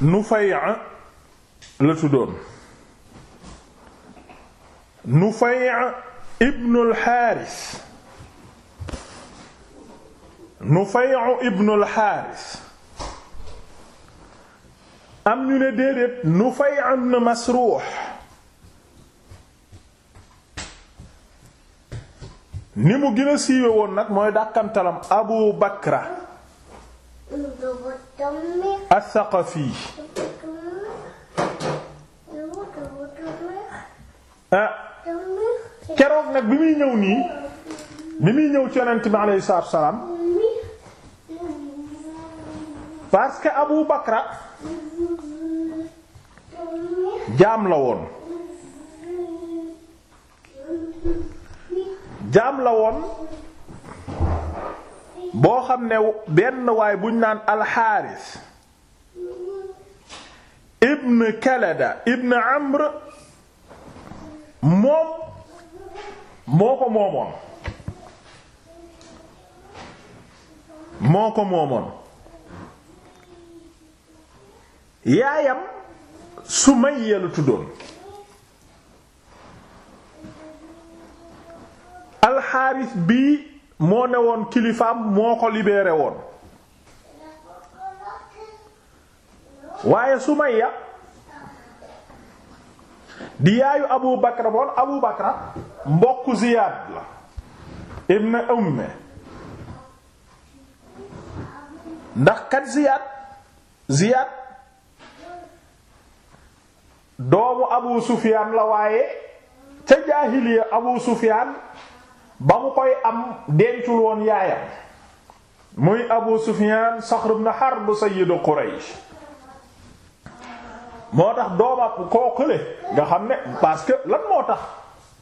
Nufay' la tuddoon Nufay' ibnul Haaris Nufay' ibnul Haaris am ñu ne déedéet Nufay' ibn Masruux ni mu gën siiwe woon nag mooy dàkkantalam Abu Bakra as-Saqafi ah. keroog nag bi muy ñëw nii bi muy ñëw ci yonent bi alayhi salaam parce que Abu Bakra jaam la woon jaam la woon boo xam ne benn waay buñ naan alxaaris ibn kalada ibn amr moom moo ko moomoon moo ko moomoon yaayam Sumayya la tuddoon alxaaris bii moo ne woon kilifaam moo ko libéré woon waaye Sumayya di yaayu Abu Bakra boon Abu Bakra mbokk Ziyaad la ibn Umme ndax kat Ziyaad Ziyaad doomu Abu Sufyaan la waaye ca jaahiliya Abu Sufyaan ba mu koy am dencul woon yaayam muy Abu na Saxr ibn Harb sayyidu Quraysh moo tax doomam koo kële nga xam ne parce que lan moo tax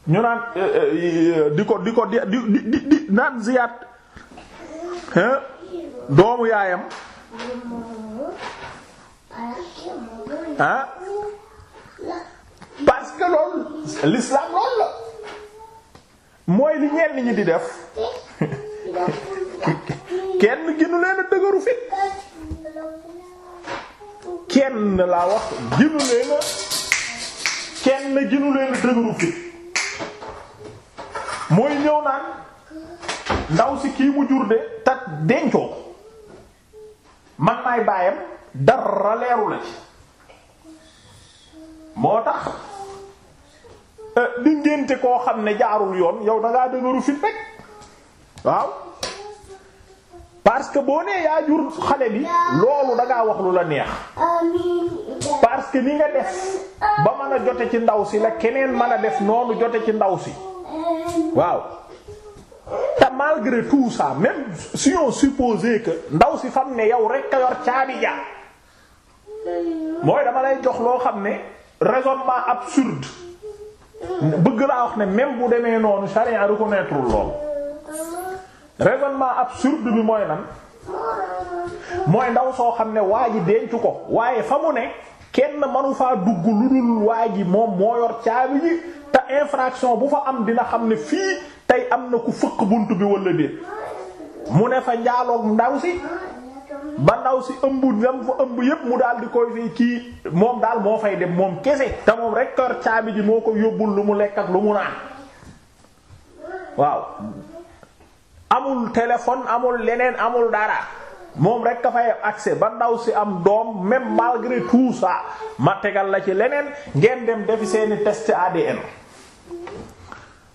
ñu naan euh, euh, euh, di ko di ko di di di di naan Ziyad doomu yaayam ah parce loolu l'islam mooy li ñenn ñi di def kenn ginu leen dëgëru fit kenn laa wax ginu leen a kenn ginu leen dëgëru fit mooy ñëw naan ndaw si kii mu jur de tat dencoo man maay baayam dara leeru la ci moo tax Eh, di ngénte koo xam ne jaarul yoon yow da ngaa dëgëru fit rek waaw parce que boo nee yaa jur xale bi loolu dangaa wax lu la neex parce que ni nga def ba mën a jote ci ndaw si la keneen mën a def noonu jote ci ndaw si waaw te malgré tout ça même si on supposait que ndaw si fam ne yow rek a yor caabi ja mooy dama lay jox loo xam ne raisonnement absurde bëgg laa wax ne même bu demee noonu charia reconnaître lool raisonnement absurde bi mooy lan mooy ndaw soo xam ne waa ji denc ko waaye fa mu ne kenn manu faa dugg lu dul waa moom moo yor caabi yi te infraction bu fa am dina xam ne fii tey am na ku fëq bunt bi wala déet mu ne fa njaaloog ndaw si ba ndaw si ëmb yam fa ëmb yépp mu daal di koy fii kii moom daal moo fay dem moom kese te moom rek kër caabi ji moo ko yóbbul lu mu lekk ak lu mu naan waaw amul téléphone amul leneen amul dara moom rek ka fay accès ba ndaw si am doom même malgré tout ça ma tegal la ci leneen ngeen dem defi seeni test ADN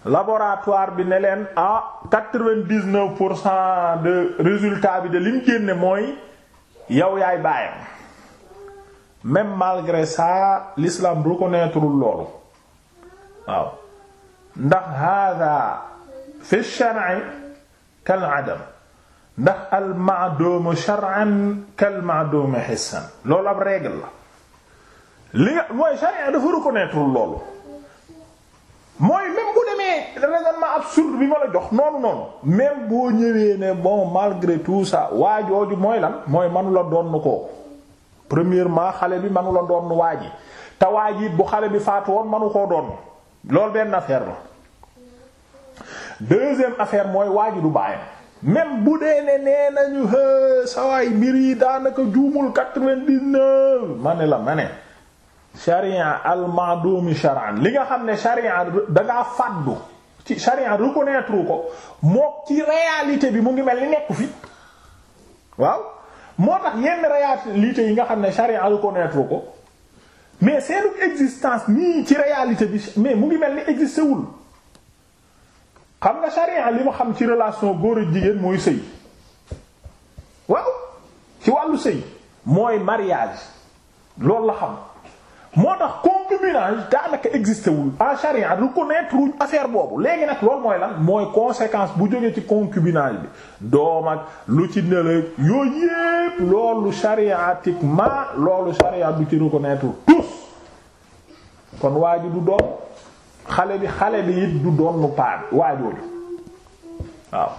laboratoire bi ne leen ah quatre pour cent de résultat bi de lim génne mooy yow yaay baayam même malgré ça l'islam reconnaître loolu waaw ndax hada fi shar'i kal adam ndax al ma'dum shar'an kal ma'dum hissan loolu ab règle la li nga mooy sharia dafa reconnaître loolu mooy même bu mais raisonnement absurde bi ma la jox noonu noonu même boo ñëwee ne bon malgré tout sa waa jooju mooy lan mooy manu la doon ko premièrement xale bi manu la doon waa ji te waa ji bu xale bi faatu woon manu koo doon loolu benn affaire la deuxième affaire mooy waa ji du bàyyam même bu dee ne nee nañu sawaay mbir yi daanaka juumul quatre-vingt-dix-neuf ma ne la ma ne sharia al maadumi shar'an li nga xam ne sharia dangaa fàddu ci sharia reconnaître ko moo ci réalité bi mu ngi mel ni nekku fi waaw moo tax yenn réalité yi nga xam ne sharia reconnaître ko mais seenu existance nii ci réalité bi mais mu ngi mel ni existé wul xam nga sharia li mu xam ci relation góor jigéen mooy sëy waaw ci wàllu sëy mooy mariage loolu la xam moo tax concubinage daanaka existé wul en charia reconnaître wuñ affaire boobu léegi nag loolu mooy lan mooy conséquence bu jógee ci concubinage bi doom ak lu ci nelaw yooyu yépp loolu chariatiquement loolu charia du ci reconnaître tous kon waa du doon xale bi xale bi it du doon nu paa waajooju waaw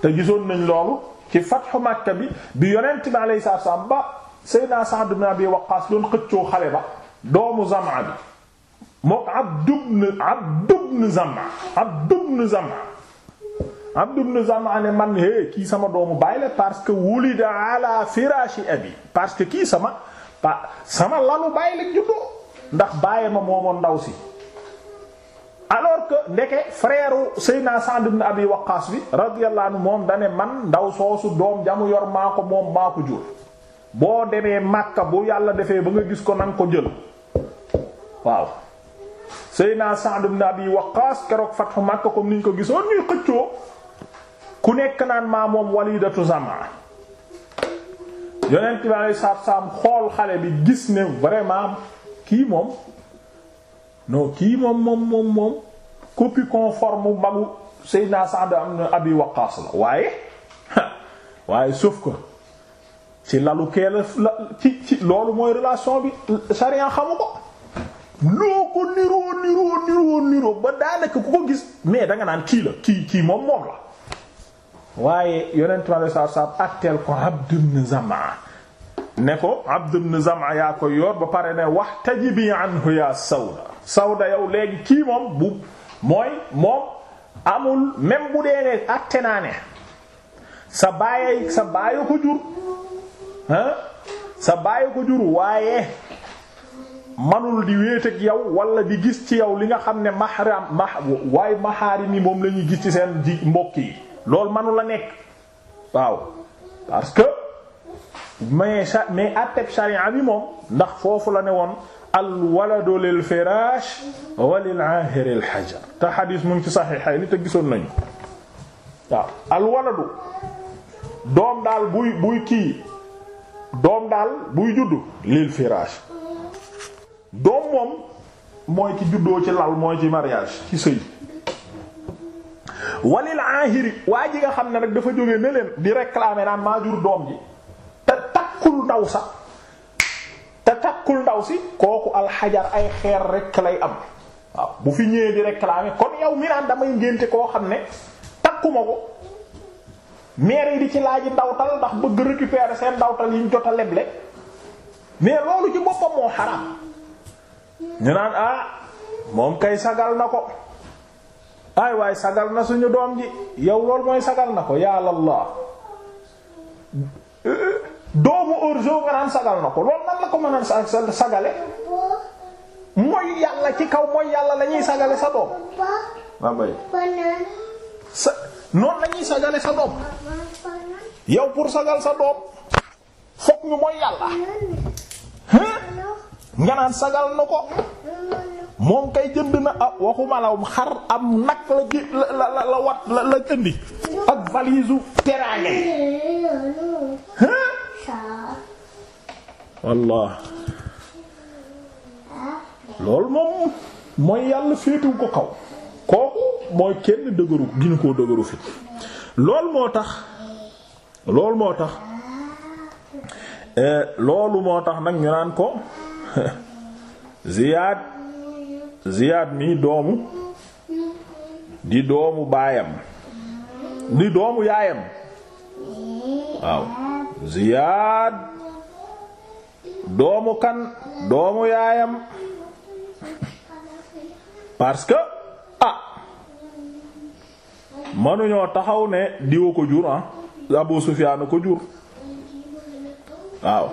te gisoon nañ loolu ci fatxu Makka bi bi yonent bi alayhi salaam ba Seydina Sa'd ibn Abi doon xëccoo xale ba doomu Zam'a bi mook Abd ibn Abd ibn Zam'a Abd ne man hé kii sama doomu baay la parce que wulida ala firaashi abi parce que kii sama pa sama lalu baay la juddoo ndax baay ma moomoon ndaw si alors que ndeke frère Seydina Sa'd ibn Abi bi radiyallahu anhu moom dane man ndaw soosu doom jamu yor maa ko moom maa ko jur boo demee Makka bu yàlla defee ba nga gis ko nan ko jël waaw Seydina Sa'd ibn Abi Waqqas keroog fathu Makka comme niñ ko gisoon ñuy xëccoo ku nekk naan maa moom walidatu Zamaa yonent bi alayhi salaam xool xale bi gis ne vraiment kii moom non kii moom moom moom moom copie conforme magu Seydina Sa'd ibn Abi Waqqas la waaye waaye sauf que ci lalu kee la ci ci loolu mooy relation bi sariya xamu ko loo ko niroo niroo niroo niroo ba daanaka ku ko gis mais danga naan kii la kii moom moom la waaye yonent ma la saab saab atteel ko Abd ibn ne ko Abd ibn yaa ko yor ba pare ne wax tajibi anhu yaa Sawda Sawda yow léegi kii moom bu mooy moom amul même bu dee ne atte naa ne sa baayay sa baayo ko jur sa bàyyi ko jur waaye manul di wéet ak yow wala di gis ci yow li nga xam ne mahram ma waaye maxaarim yi moom lañuy gis ci seen ji mbokk yi loolu manu la nekk waaw parce que mais mais atteb sharia bi moom ndax foofu la ne woon al waladu lil firaash wa lil aahiri te xadiis mu ngi ci saxiixay ni te gisoon nañu waaw al doom daal buy buy kii doom daal buy juddu lil firaas doom moom mooy ci juddoo ci lal mooy ci mariage ci sëy walil ahiri waa ji nga xam ne nag dafa jóge ne leen di réclamer naan maa jur doom ji te takkul ndaw sax te takkul ndaw si kooku alxajar ay xeer rek lay am waaw bu fi ñëwee di réclamer kon yow mi naan damay ngénte koo xam ne takkuma ko maire yi di ci laaj ndawtal ndax bëgg récupérer seen ndawtal yi ñu jot a leble mais loolu ci boppam moo xaram ñu naan ah moom kay sagal na ko ay waay sagal na suñu doom ji yow loolu mooy sagal na ko yàlla la euh, doomu orzo nga naan sagal na ko loolu nan la ko mën a sagale mooy yàlla ci kaw mooy yàlla lañuy sagale sa doom. waaw noonu lañuy sagale sa doom yow pour sagal sa doom fokk ñu mooy yàlla nga naan sagal na ko moom kay jënd na ab ah, waxuma la xar am nag la ji la la la wat la la indi ak valise teraanga wallah loolu moom mooy yàlla féetu ko kaw kooku mooy kenn dëgëru ginu koo dëgëru fit loolu moo tax loolu moo tax eh, loolu moo tax nag ñu naan ko Ziyaad Ziyaad mii doomu di doomu baayam di doomu yaayam waaw Ziyaad doomu kan doomu yaayam parce que manuñoo taxaw ne diwa ko jur ah Abu Sufyaan ko jur waaw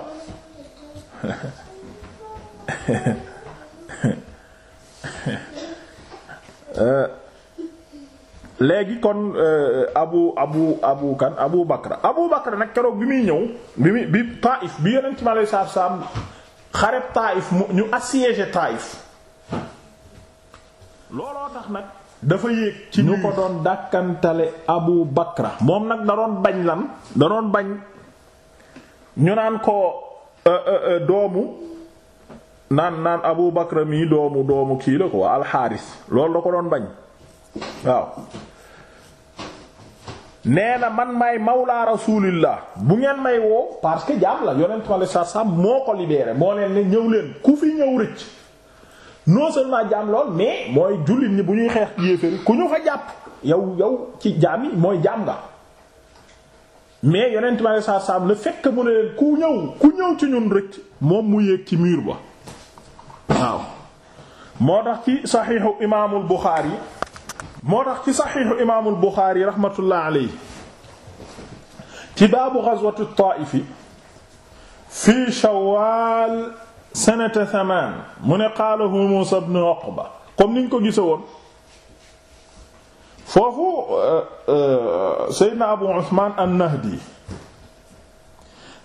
léegi kon eh, abu abu abu kan abu bakra abu bakra nag keroog bi muy ñëw bi muy bi taif bi yeneen ci ma saab saab xareb taif mu ñu assiégé taif looloo tax nag dafa yéeg ci ñu ko doon dàkkantale abu bakra moom nag da doon bañ lan da doon bañ ñu naan ko euh, euh, euh, doomu naan naan abu bakra mii doomu doomu kii la ko alxaaris loolu da ko doon bañ waaw nee na man may mawla rasulillah bu ngeen may woo parce que jaam la yonent ma sa sa moo ko libéré moo leen ne ñëw leen ku fi ñëw rëcc non seulement jaam lool mais mooy jullit ñi bu ñuy xeex yéeféri ku ñu fa jàpp yow yow ci jaam mooy jaam nga mais yonent ma saa saam le fekk mu ne leen ku ñëw ku ñëw ci ñun rek moom mu yéeg ci miir ba waaw moo tax ci saxiixu imaamul Buxaari moo tax ci saxiixu imaamul Buxaari raxmatullah alayhi ci baabu gazwatu Taaif fi Shawaal sanata thaman mu ne qaalahu Muusaa ibn Uqba comme niñ ko gise woon foofu euh, euh, Seydina Abu Usmaan an-Nahdi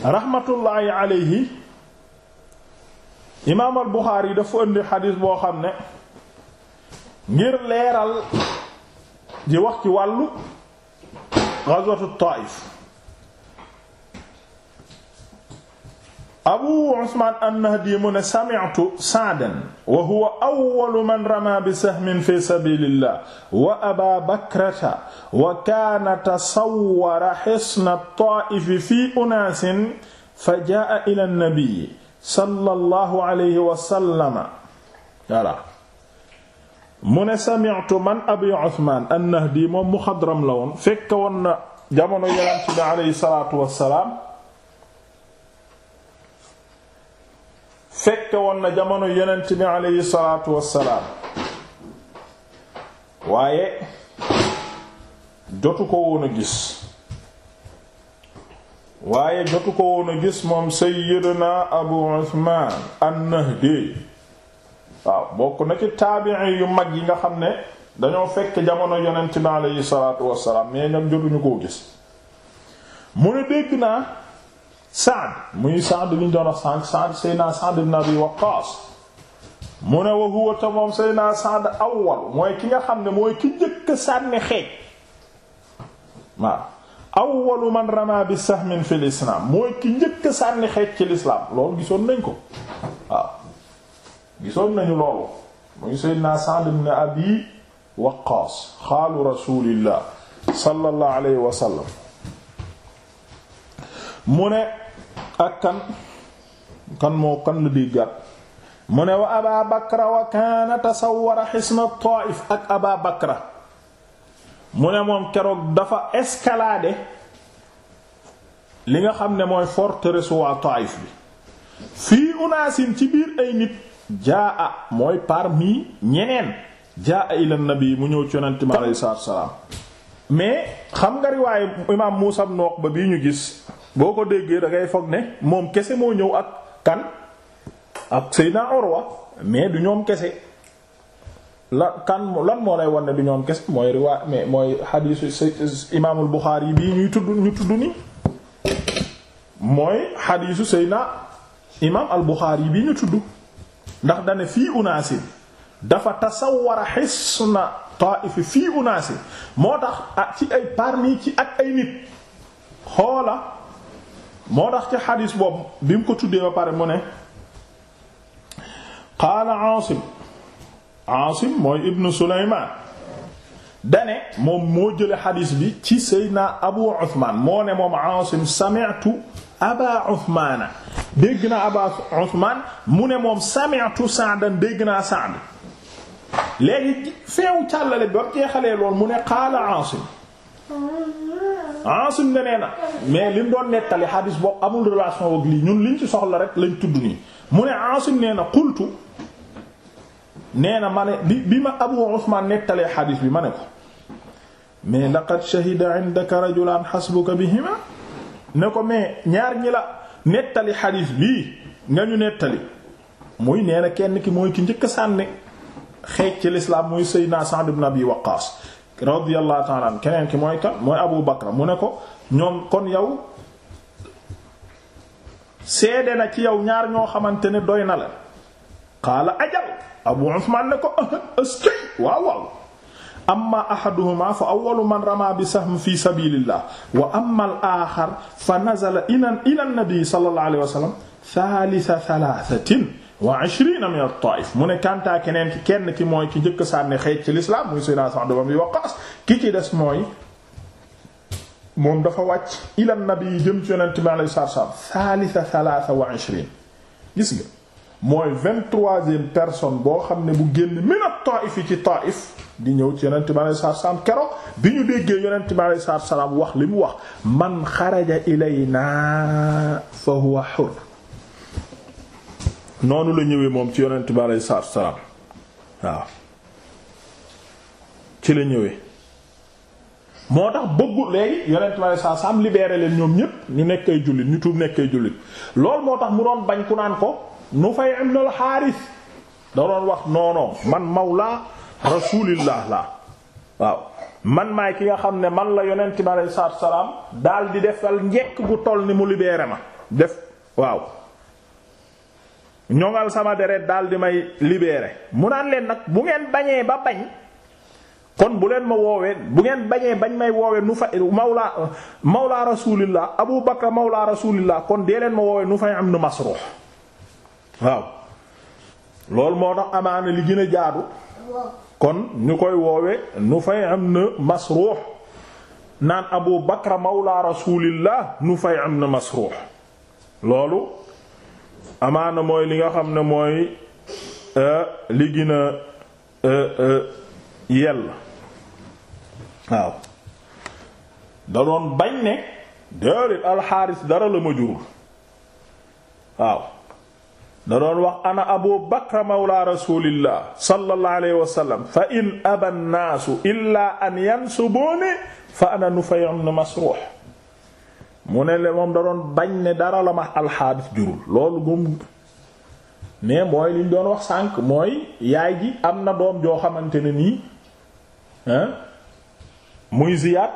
rahmatullahi alayhi imaam al-Buxaari dafa indi xadiis boo xam ne ngir leeral di wax ci wàllu gazwatu Taayif abu usman annahdi mu ne sami'tu sa'dan wa huwa awwalu man rama bi sahmin fi sabilillah wa aba bakrata wa kaana tasawwara hisna at-taa'if fi unaasin fa jaa'a ila an-nabi sallallahu alayhi wa sallam voilà mu ne sami'tu man abi usman annahdi moom muxadram la woon fekk woon na jamono yonent bi alayhi salaatu wa salaam fekke woon na jamono yonent bi aleyhi salaatu wassalaam waaye jotu ko woon a gis waaye jotu ko woon a gis moom sayyidina abu usman an-nahdi waaw bokk na ci taabi yu mag yi nga xam ne dañoo fekk jamono yonent bi aleyhi salaatu wassalaam mais ñoom jotuñu koo gis mu ne dégg naa Saad muy Saad bi ñu doon wax sànq Saad Seydina Saad ibn Abi Waqqaas mu ne wa huwa te moom Seydina Saad awwal mooy ki nga xam ne mooy ki njëkk a sànni xeej waaw awwalu man rama bi sahmin fil islam mooy ki njëkk a sànni xeej ci lislaam loolu gisoon nañ ko waaw gisoon nañu loolu muy Seydina Saad ibn Abi Waqqaas xaalu rasulillah sallallahu alayhi wa sallam mu ne ak kan kan moo kan la déggaat mu ne wa aba bakra wa kaana tasawwara xisna taif ak aba mu ne moom keroog dafa escalader li nga xam ne mooy forteresse waa bi fii unaasin ci biir ay nit jaa a mooy parmi ñeneen jaa a ila nabi mu ñëw ci yonente mi mais xam nga riwaayu imaam Muusaa ibn Uqba bii ñu gis boo ko déggee da ngay foog ne moom kese moo ñëw ak kan ak Seydina Urwa mais du ñoom kese la kan lan moo lay won ne du ñoom kese mooy riwaay mais mooy xadiisu imaamul Buxaari yi bii ñuy tudd ñu tudd ni mooy xadiisu Seydina imaam al Buxaari yi bii ñu tudd ndax dane fii unaasin dafa tasawwara xisna taif fii unaasi moo tax ci ay parmi ci ak ay nit xoola moo tax ci xadis boobu bi mu ko tuddee ba pare mu ne qaala Asim Asim mooy ibnu Sulaymaan dane moom moo jële xadis bi ci Seydina Abu Usmaan moo ne moom Asim sami'tu Aba Usmaana dégg na Aba Usmaan mu ne moom sami'tu Sa'dan dégg naa Sa'd léegi feewu càllale ba mu jeexalee lool mu ne qaala Aasim Aasim ne nee na mais li mu doon nettali xadiis boobu amul relation ak lii ñun liñ ci soxla rek lañ tudd nii mu ne Aasim nee na qultu nee na ma ne bi bi ma Abu Usmaan nettalee xadiis bi ma ne ko mais laqad shahida indaka rajulan bi bihima ne ko mais ñaar ñi la nettali xadiis bii nga ñu nettali muy nee na kenn ki mooy ki njëkk sànni xeej ci lislaam muy Seydina Sa'd ibn Abi Waqqaas radiyallahu ta'ala an keneen ki mooy kan mooy Abu Bakra mu ne ko ñoom kon yow seede na ci yow ñaar ñoo xamante ne doy na la qaala ajal Abu Usmaan ne ko askay waaw waaw amma ahaduhuma fa awwalu man rama bi sahm fi sabilillah wa amma al-axar fa nazala ila an-nabi sallallahu alayhi wa sallam thalitha thalathatin wa ishrina min at-Taif mu ne kantaa keneen ki kenn ki mooy ki njëkk sànni xeej ci lislaam muy Seydina Sa'd ibn Abi Waqqas ki ci des mooy moom dafa wàcc ila nabi yi jëm ci yonent bi alayhi salaatu wa salaam thalitha thalatha wa ishrin gis nga mooy vingt-troisième personne boo xam ne bu génn min a taif yi ci Taif di ñëw ci yonent ma alayhi salaatu wa salaam keroog bi ñu déggee yonent bi alayhi salaatu wa wax li mu wax man xaraja ilayna fa huwa hur noonu la ñëwee moom ci yonent bi aleyhi salaam waaw ci la ñëwee moo tax bëggu léegi yonent bi aleyhi salaatu salaam libéré leen ñoom ñépp ñu nekk ay jullit ñu tuub nekk ay jullit loolu moo tax mu doon bañ ku naan ko nu fay ibn al Haaris da doon wax non non man mawla rasulillah la waaw man maay ki nga xam ne man la yonent bi aleyhi salaatu salaam daal di defal njekk gu toll ni mu libeere ma def waaw. ñoŋal sama deret daal di may libéré mu naan leen nag bu ngeen bañee ba bañ kon bu leen ma woowee bu ngeen bañee bañ may woowee nu fay mawla mawla rasulillah abu bakar mawla rasulillah kon dee leen ma woowee nu fay am nu masruux waaw loolu moo tax li gën a kon ñu koy woowee nu am na masruux naan abu bakar mawla rasulillah nu fay am na masruux loolu amaana mooy li nga xam ne mooy euh, li gën a euh, euh, yell waaw da doon bañ ne déedéet alxaaris dara la ma jurul waaw da wax ana abu bakra mawla rasulillah sallallahu alayhi wa fa in aba nnaasu illa an yansubuni fa ana nufay ibn mu ne le moom da doon bañ ne dara la ma alxaadis jurul loolu moom mais mooy liñ doon wax sànq mooy yaay ji am na doom joo xamante ne nii muy Ziyad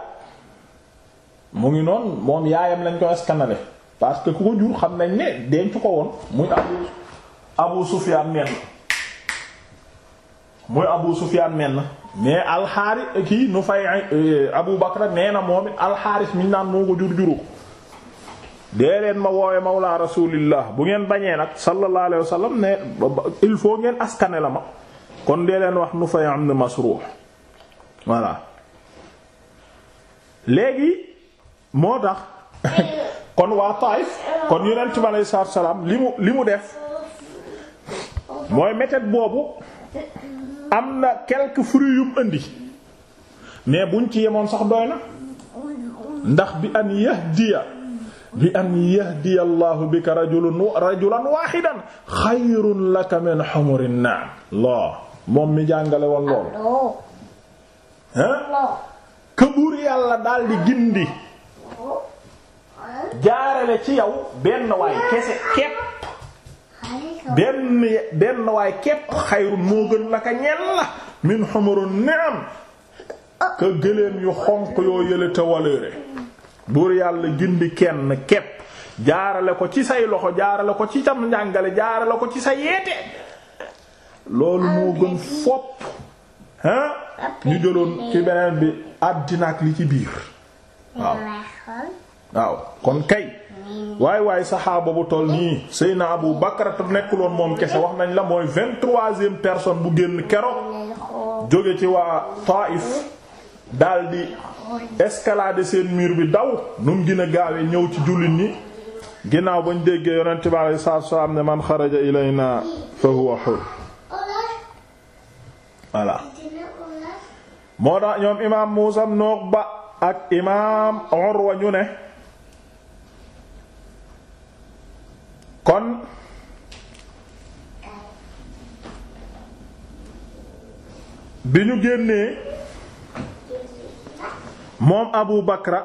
mu ngi noon moom yaayam lañ ko askanale parce que ku ko jur xam nañ ne denc ko woon muy abu abu Sufyaan menn muy abu Sufyaan menn mais alxaaris kii nu fay abu Bakra nee na moom it alxaaris miñ naan moo ko jur juru dee leen ma woowe mawla rasulillah bu ngeen bañee nag sallallahu alayhi wa sallam ne il faut ngeen askane la ma kon dee leen wax Nufay ibn Masruh voilà léegi moo tax kon waa Taif kon yonent bi alayhi salaatu wa salaam li mu li mu def mooy méthode boobu am na quelques fruits yum indi mais buñ ci yemoon sax doy na ndax bi an yahdiya bi an yahdiya allahu bika rajulan rajulan waahidan xayrun laka min humuri na'am loo moom mi jàngale woon loolu ka buur yàlla daal di gindi jaarale ci yow benn waay kepp benn moo gën la ka ñel la min humuri ah. ka gëléem yu xonq yoo yële te waleere buur yàlla gindi kenn képp jaarale ko ci say loxo jaarale ko ci tam njàngale jaarale ko ci sa yeete loolu moo gën fopp hein ñu jëloon ci beneen bi àddina li ci biir waaw waaw kon kay waaye waaye saxaaba bu toll nii Seyna Abu Bakar te nekkuloon moom kese wax nañ la mooy vingt-troisième personne bu génn keroog jóge ci waa Taif daldi escalader seen mur bi daw nu mu gën a gaawee ñëw ci jullit ñi ginnaaw bañ déggee yonent bi alayhi salaatu salaam ne man xaraja ilayna fa huwa hur voilà moo tax ñoom imaam Muusaa ibn Uqba ak imaam Urwa ñu ne kon bi ñu génnee moom abu bakra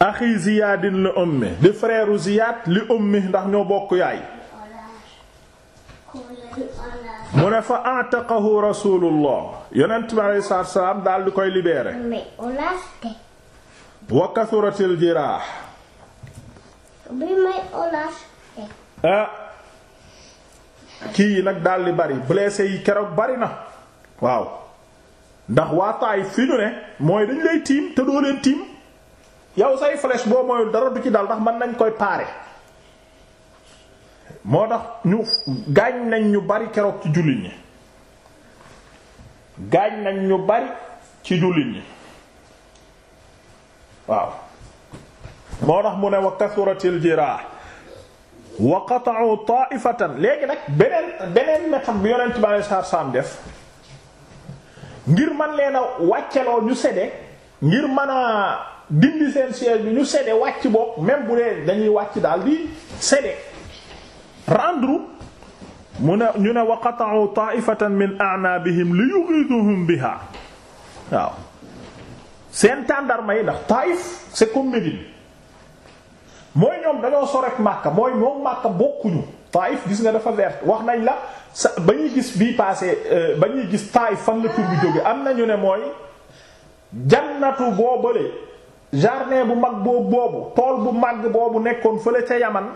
axi ziyaadin li ummi di frère ziyaad li ummi ndax ñoo bokk yaay mu ne fa ataqahu rasulullah yonent bi alayhi salaatu salaam di koy libéré wa kasuratil jiraax ah, kii yi nag daal di bari blessé yi keroog bari na waaw ndax waa Taayif fi ñu ne mooy dañ lay tiim te doo leen tiim yow say flèche boo mooyul dara du ci daal ndax mën nañ koy paare moo tax ñu gaañ nañ ñu bari keroog ci jullit ñi gaañ nañ ñu bari ci jullit ñi waaw moo tax mu ne wa kasuratil jirah wa qata'u ta'ifatan léegi nag beneen beneen méthode bi yonent bi sallallahu alayhi wasallam def ngir man leen a wàcceloo ñu sede ngir mën a dindi seen siège bi ñu sede wàcc bopp même bu dee dañuy wàcc daal di sede rendre mu ñu ne wa qata'u ta'ifatan min a'nabihim li yughithuhum biha waaw seen tàndarma yi ndax Taïf c'est comme mooy ñoom dañoo sore ak Makka mooy moom Makka bokkuñu Taïf gis nga dafa weer wax nañ la sa ba ñuy gis bi paase euh, ba ñuy gis taay fan la tur bi jóge am nañu ne mooy jannatu boo bële jardin bu mag boobu tool bu mag boobu nekkoon fële ca yaman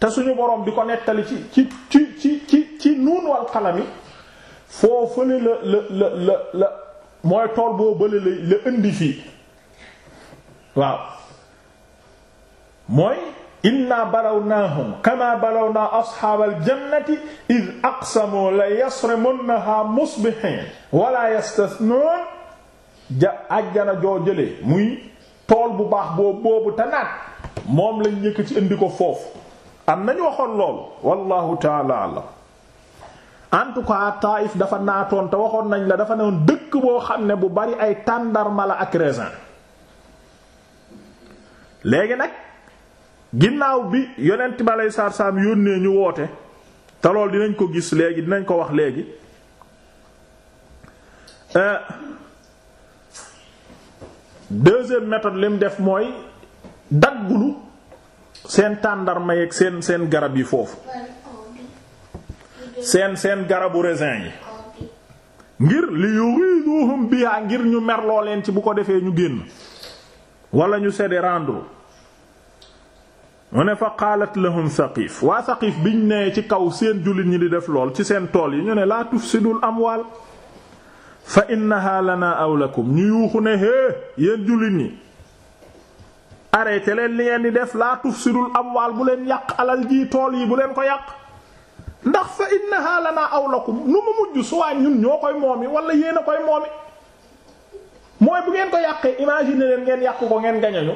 te suñu boroom di ko nettali ci ci ci ci ci ci nuun wal xalami foo fële la la la la mooy tool boo bële la indi fii waaw mooy inna balawnaahum kama balawna asxaabal jannati id aqsamu la yasrimunnaha musbihin wala yastathnuun ja ajjana joo jële muy tool bu baax boobu tanaat moom lañ ñëkk ci indi ko foofu am nañu waxoon loolu wallahu taala alam en tout cas dafa naatoon te waxoon nañ la dafa newoon dëkk boo xam ne bu bari ay tàndarma la ak raisin léegi nag ginnaaw bi yonent bi aleyhi salaatu salaam yónnee ñu woote te lool dinañ ko gis léegi dinañ ko wax léegi euh, deuxième méthode li mu def mooy daggulu seen tàndarma yeeg seen seen garab yi foofu seen seen garabu raisin yi ngir li yuriduhum biha ngir ñu merloo leen ci bu ko defee ñu génn wala ñu céder rendre mu ne fa qaalat lahum Saqiif waa Saqiif ñu nee ci kaw seen jullit ñi di def lool ci seen tool yi ñu ne laa tufsidul amwaal fa innaha lana aw lakum ñu yuuxu ne hee yéen jullit ñi arrêté leen li ngeen di def laa tufsidul amwaal bu leen yàq alal ji tool yi bu leen ko yàq ndax fa innaha lana aw lakum nu mu mujj suwaa ñun ñoo koy moomi wala yéen a koy moomi mooy bu ngeen ko yàqee imagine leen ngeen yàqu ko ngeen gañañu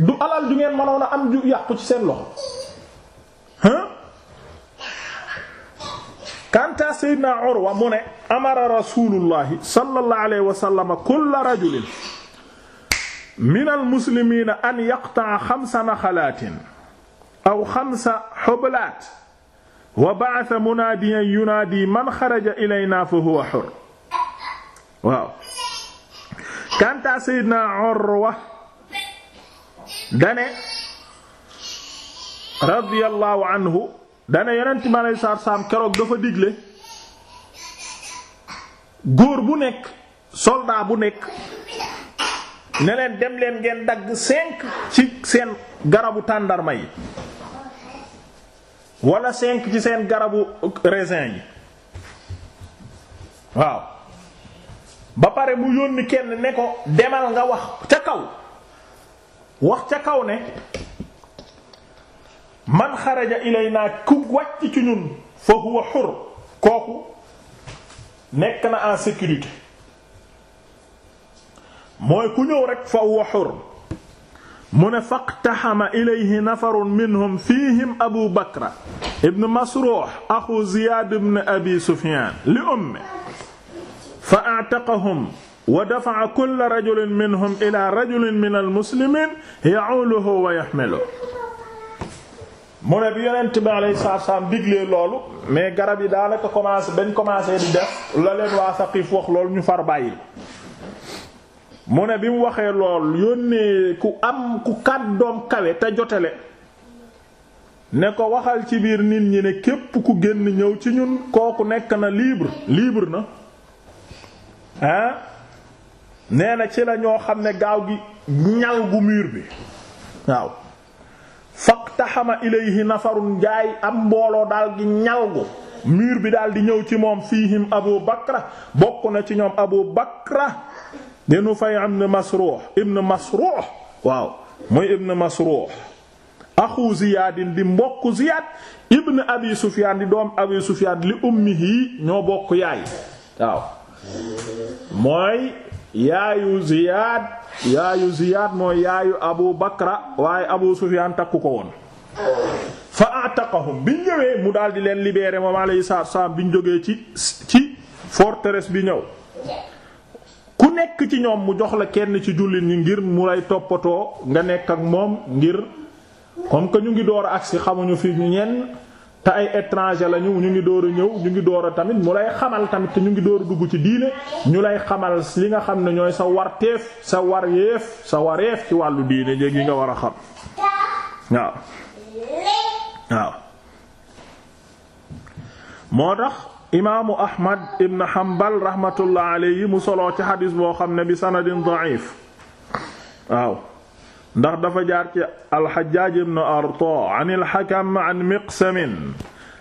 du alal ju ngeen mënoon a am ju yàqu ci seen loxo hein kanta sayyidina Urwa mu ne amara rasulullahi sallallahu alayhi wa sallam kulla rajulin min almuslimina an yaqta'a xamsa naxalaatin aw xamsa xublaat wa ba'atha munaadiyan yunaadi man xaraja ilayna fa huwa xur waaw kanta sayyidina Urwa dane radiyallahu anhu dane yonent mi aleyhi salaatu salaam keroog dafa digle góor bu nekk soldat bu nekk ne leen dem leen ngeen dagg cinq ci seen garabu tàndarma yi wala cinq ci seen garabu resin yi waaw ba pare mu yónni kenn ne ko demal nga wax ca kaw wax ca kaw ne man xaraja ilayna ku wàcc ci ñun fa huwa xur kooku nekk na en sécurité mooy ku ñëw rek fa huwa xur mu ne faqtaxama ilayhi nafarun minhum fihim abu bakra ibn masruux axu ziyad ibn abi sufyan li umme fa a'taqahum wa dafa'a kulla rajulin minhum ila rajulin minal muslimiin ya'uluhu wa yahmiluhu mu ne bi yonent bi alayhi salaatu salaam diglee loolu mais garab yi daanaka commencé bañ commencé di def la leen waa Saqiif wax loolu ñu far bàyyi mu ne bi mu waxee lool yónnee ku am ku doom kawe te jotale ne ko waxal ci biir nit ñi ne képp ku génn ñëw ci ñun kooku nekk na libre libre na ah nee na ci la ñoo xam ne gaaw gi ñal gu miir bi waaw faqtaxama ilayhi nafarun jaay am mbooloo daal gi ñal gu miir bi daal di ñëw ci moom fiihim abu bakra bokk na ci ñoom abu bakra di nufay ibn masruux ibn masruux waaw muy ibn masruux axu ziyaadin di mbokk ziyaad ibn abi sufyaan di doom abi sufyaan li ummihi ñoo bokk yaay waaw mooy yaayu Ziyaad yaayu Ziyaad mooy yaayu Abu Bakra waaye Abu Sufyaan takku ko woon fa ataqahum bi ñëwee mu daal leen libéré moom alayhi salaatu wassalaam bi ñu jógee ci ci forteresse bi ñëw ku nekk ci ñoom mu jox la kenn ci jullit ñi ngir mu lay toppatoo nga nekk ak moom ngir comme que ñu ngi door agsi xamuñu fi ñenn te ay étranger lañu ñu ngi door a ñëw ñu ngi door a tamit mu lay xamal tamit te ñu ngi door a dugg ci diine ñu lay xamal li nga xam ne ñooy sa warteef sa wareef sa wareef ci wàllu diine jéeg yi nga war a xam waaw waaw moo tax imaamu ahmad ibn hanbal rahmatullah alayhi mu solo ci xadis boo xam ne bi sanadin da'if waaw ndax dafa jaar ci alxajjaaj ibn arta an alxakam an miqsamin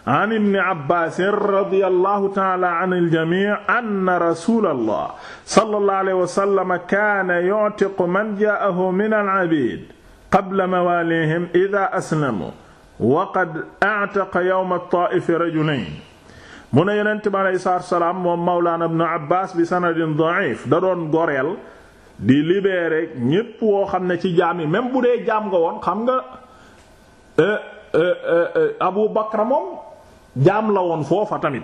an ibn abbaas radiyallahu ta'ala an aljamii anna rasuulallah sallallahu alayhi wa sallam kaana yu'tiqu man jaa'ahu min al-'abiid qabla mawaalihim idaa aslamu wa qad a'taqa yawma at-taa'if rajulayn mu ne yonent bi alayhi salaatu wa salaam moom mawlaana ibn abbaas bi sanadin da'iif da doon goreel di libérer ñépp woo xam ne ci jaam yi même bu dee jaam nga woon xam nga euh, euh, euh, Abu Bakra moom jaam la woon foofa tamit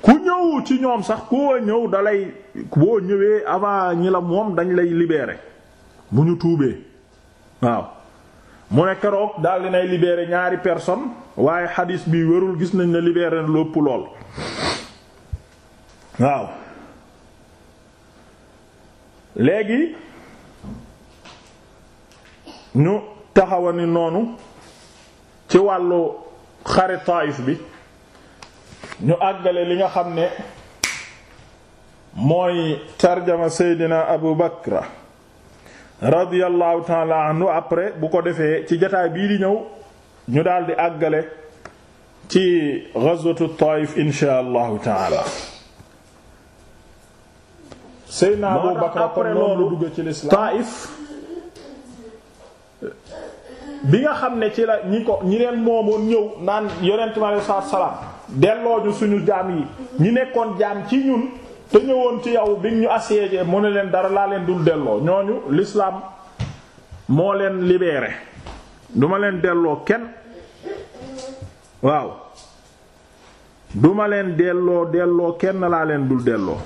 ku ñëw ci ñoom sax koo ñëw dalay boo ñëwee avant ñi la moom dañ lay libérer bu ñu tuubee waaw mu ne keroog daal dinay libérer ñaari personne waaye xadiis bi wérul gis nañ ne libérer na lool waaw léegi ñu taxawa ni noonu ci wàllu xare Taayif bi ñu àggale li nga xam ne mooy tarjama Seydina Abu Bakra radiyallahu taala anhu après bu ko defee ci jataay bii di ñëw ñu daldi àggale ci ghazwatu Taayif insha allahu taala Seydina Abu Bakr kon moom la dugg ci lislaam Taif bi nga xam ne ci la ñi ko ñi leen moomoon ñëw naan yonent mi aleyhi salaam delloo ñu suñu jaam yi ñi nekkoon jaam ci ñun te ñëwoon ci yaw bi ñu assiégé mu ne leen dara laa leen dul delloo ñooñu lislaam moo leen libeere duma leen delloo kenn waaw duma leen delloo delloo kenn laa leen dul delloo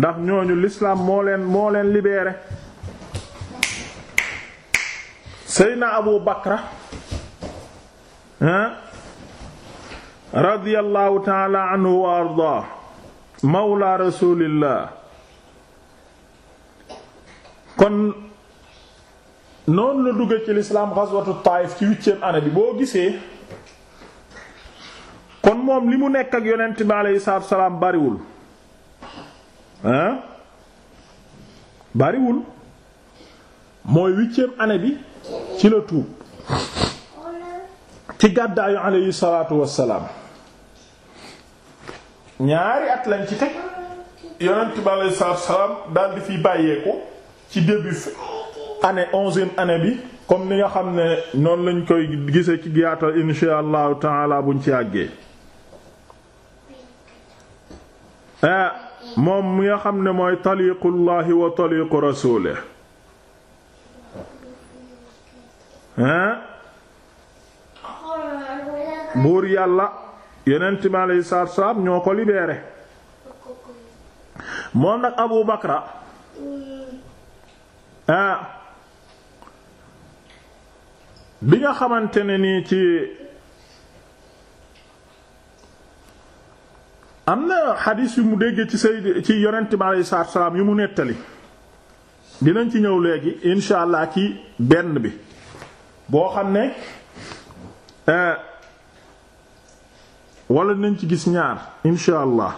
ndax ñooñu lislaam moo leen moo leen libéré Seydina Abu Bakra hein radiyallahu anhu wa ardaa mawla rasulillah kon noonu la dugg ci l'islam ghazwatu Taif ci huitième année bi boo gisee kon moom li mu nekk ak yonent bi aleyhi salaam bariwul hein bariwul mooy huitième année bi ci la tuub ci gàddaayu aleyhi salaatu wassalaam ñaari at lañ ci teg yonent bi aleyhi salaatu wassalaam daal di fi bàyyeeku ci début année onzième année bi comme ni nga xam ne noonu lañ koy gisee ci giyaatal insha allahu taala buñ ci àggee ah. moom mi nga xam ne mooy taliqullahi wa taliqu rasulih hein buur yàlla yeneen mi alayhi salaatu wassalaam ñoo ko libéré moom nag Abu Bakra bi nga xamante ne nii ci am na xadiis yu mu déggee ci say ci yonent bi aleyhi salaatu salaam yu mu nettali dinañ ci ñëw léegi incha allah ci benn bi boo xam ne euh, wala dinañ ci gis ñaar incha allah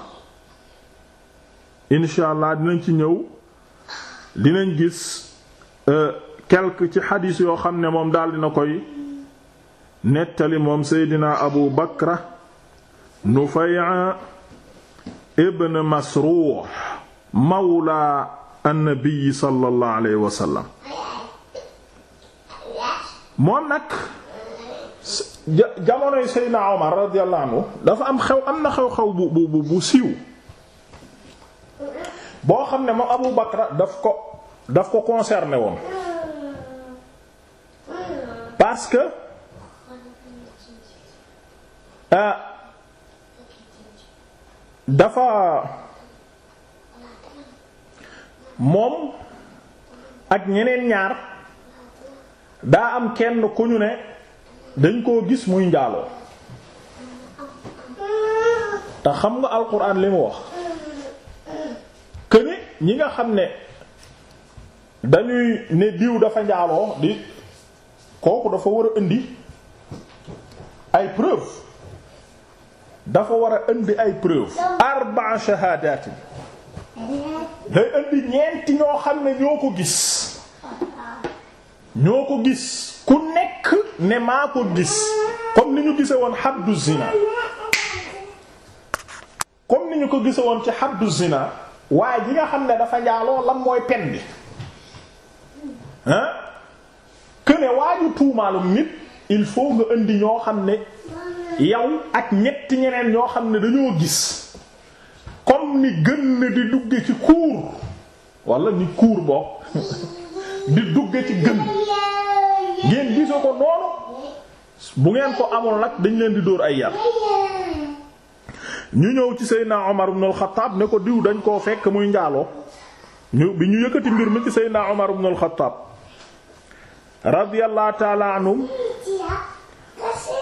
incha allah dinañ ci ñëw dinañ gis euh, quelque ci xadiis yoo xam ne moom daal dina koy nettali moom Seydina Abu Bakra Nufay' ibn masruux mawla annabi sallallahu alayhi wa sallam moom nag jamonoy seydna omar radiyallahu anhu dafa am xew am na xew-xew bu bu bu siiw boo xam ne moom abu bakra daf ko daf ko concerné woon parce que ah dafa moom ak ñeneen ñaar daa am kenn ku ñu ne dañ koo gis muy njaaloo te xam nga alquran li mu wax këni ñi nga xam ne dañuy ne diw dafa njaaloo di kooku dafa war a indi ay preuve dafa war a indi ay preuve arba'a shahaadaat day indi ñeenti ñoo xam ne ñoo ko gis ñoo ko gis ku nekk ne maa ko gis comme ni ñu gise woon xaddu zina comme ni ñu ko gise woon ci xaddu zina waaye ji nga xam ne dafa njaaloo lan mooy pen bi hein que ne tuumaalum nit il faut nga indi ñoo xam ne yow ak ñetti ñeneen ñoo xam ne dañoo gis comme ni gën na di dugge ci kuur wala ni kuur boo di dugge ci gën ngeen gisoo ko noonu bu ngeen ko amul nag dañ leen di dóor ay yar ñu ñëw ci Seydina Omar ibn al ne ko diw dañ koo fekk muy njaaloo ñu bi ñu yëkkati mbir mi ci Seydina Omar ibn al-Khattab radiyallahu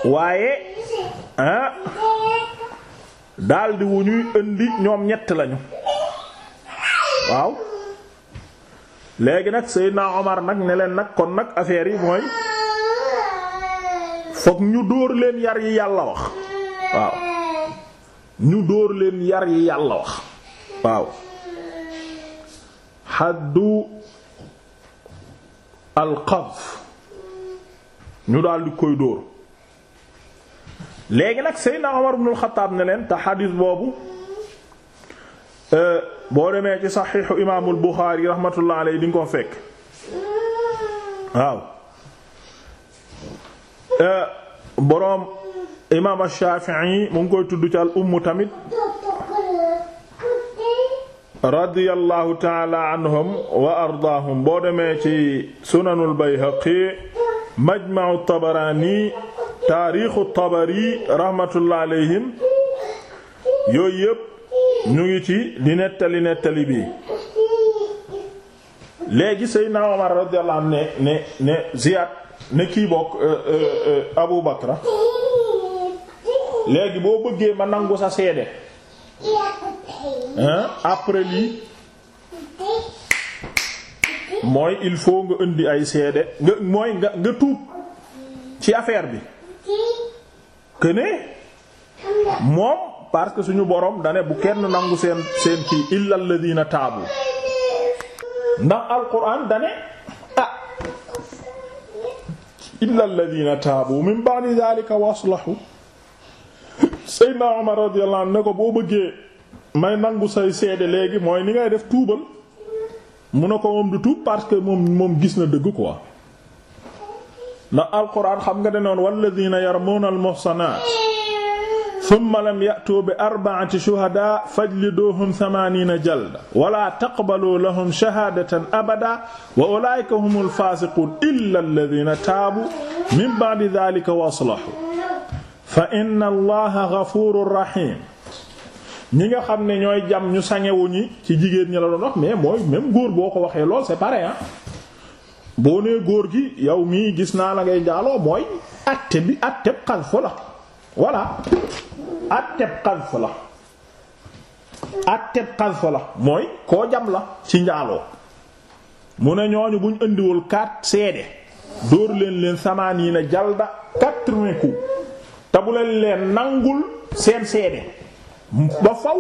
waaye Ah. daldi wu ñuy indi ñoom ñett lañu waaw léegi nag Seydina Omar nag ne leen nag kon nag affaire yi mooy fokk ñu dóor leen yar yi yàlla wax waaw ñu dóor leen yar yi yàlla wax waaw xaddu alxaf ñu daldi koy dóor léegi nag Seydina Umar ibn al-Khattab ne leen te xadiis boobu e, boo demee ci saxiixu imaamul Buxaari rahmatullah alayhi di nga ko fekk waaw e, boroom imaam Shaafi'i mu ngi koy tudd ci al-Umm tamit radiyallahu ta'ala anhum wa ardaahum boo demee ci sunanul Bayhaqi majma'u tabaraani taarixu tabari rahmatullah alayhim yooyu yëpp ñu ngi ci di nettali nettali bi léegi Seydina Omar radiyallahu anhu ne ne ne Ziyad ne kii bokk euh, euh, Abu Bakra léegi boo bëggee ma nangu sa seede après lii mooy il faut nga indi ay seede nga mooy nga tuub ci affaire bi que ne moom parce que suñu borom dane bu kenn nangu seen seen kii illa alladina taabu ndax alquran dane ah illa alladina taabu min ba'di dhalika waslahu sayyidna Umar radiyallahu anhu ne ko boo bëggee may nangu say seede léegi mooy ni ngay def tuubal mu ne ko moom du tuub parce que moom moom gis na dëgg quoi ndax alquran xam nga denoon walladina yarmuuna almuhsanaat thumma lam ya'tu bi arba'ati shuhadaa fajliduuhum thamaaniina jalda wala taqbaluu lahum shahaadatan abada wa ulaa'ika humul faasiquun illa alladina taabu min ba'di dhaalika wa aslahu fa inna allaha ghafuurun rahiim ñi nga xam ne ñooy jam ñu sangewu ñi ci jigéen ñi la doon wax mais mooy même góor boo ko waxee lool c'est pareil ah boo nee góor gi yow mii gis naa la ngay jaaloo mooy atte bi atteb xazf la voilà atteb xazf la mooy koo jam la ci njaaloo mu ne ñooñu buñ indiwul quatre seede dóor leen samaan samaani na jalda quatre-vingts coups te bu leen leen nangul seen seede ba faw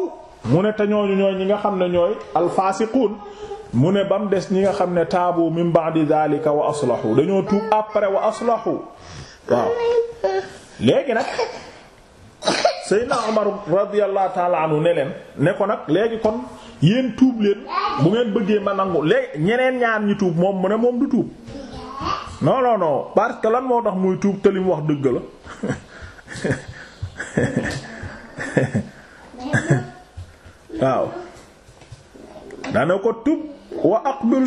mu ne te ñooñu ñooy ñi nga xam ne ñooy alfaasiquun mu ne ba mu des ñi nga xam ne taabu min ba'di zalika wa aslahu dañoo tuub après wa aslahu waaw léegi nag Seydina Omar radiyallahu ta'ala anhu ne leen ne ko nag léegi kon yéen tuub leen bu ngeen bëggee ma nangu léegi ñeneen ñaar ñi tuub moom mu ne moom du tuub non parce que lan moo tax muy tuub te li wax dëgg la waaw dana ko tub wa aqbil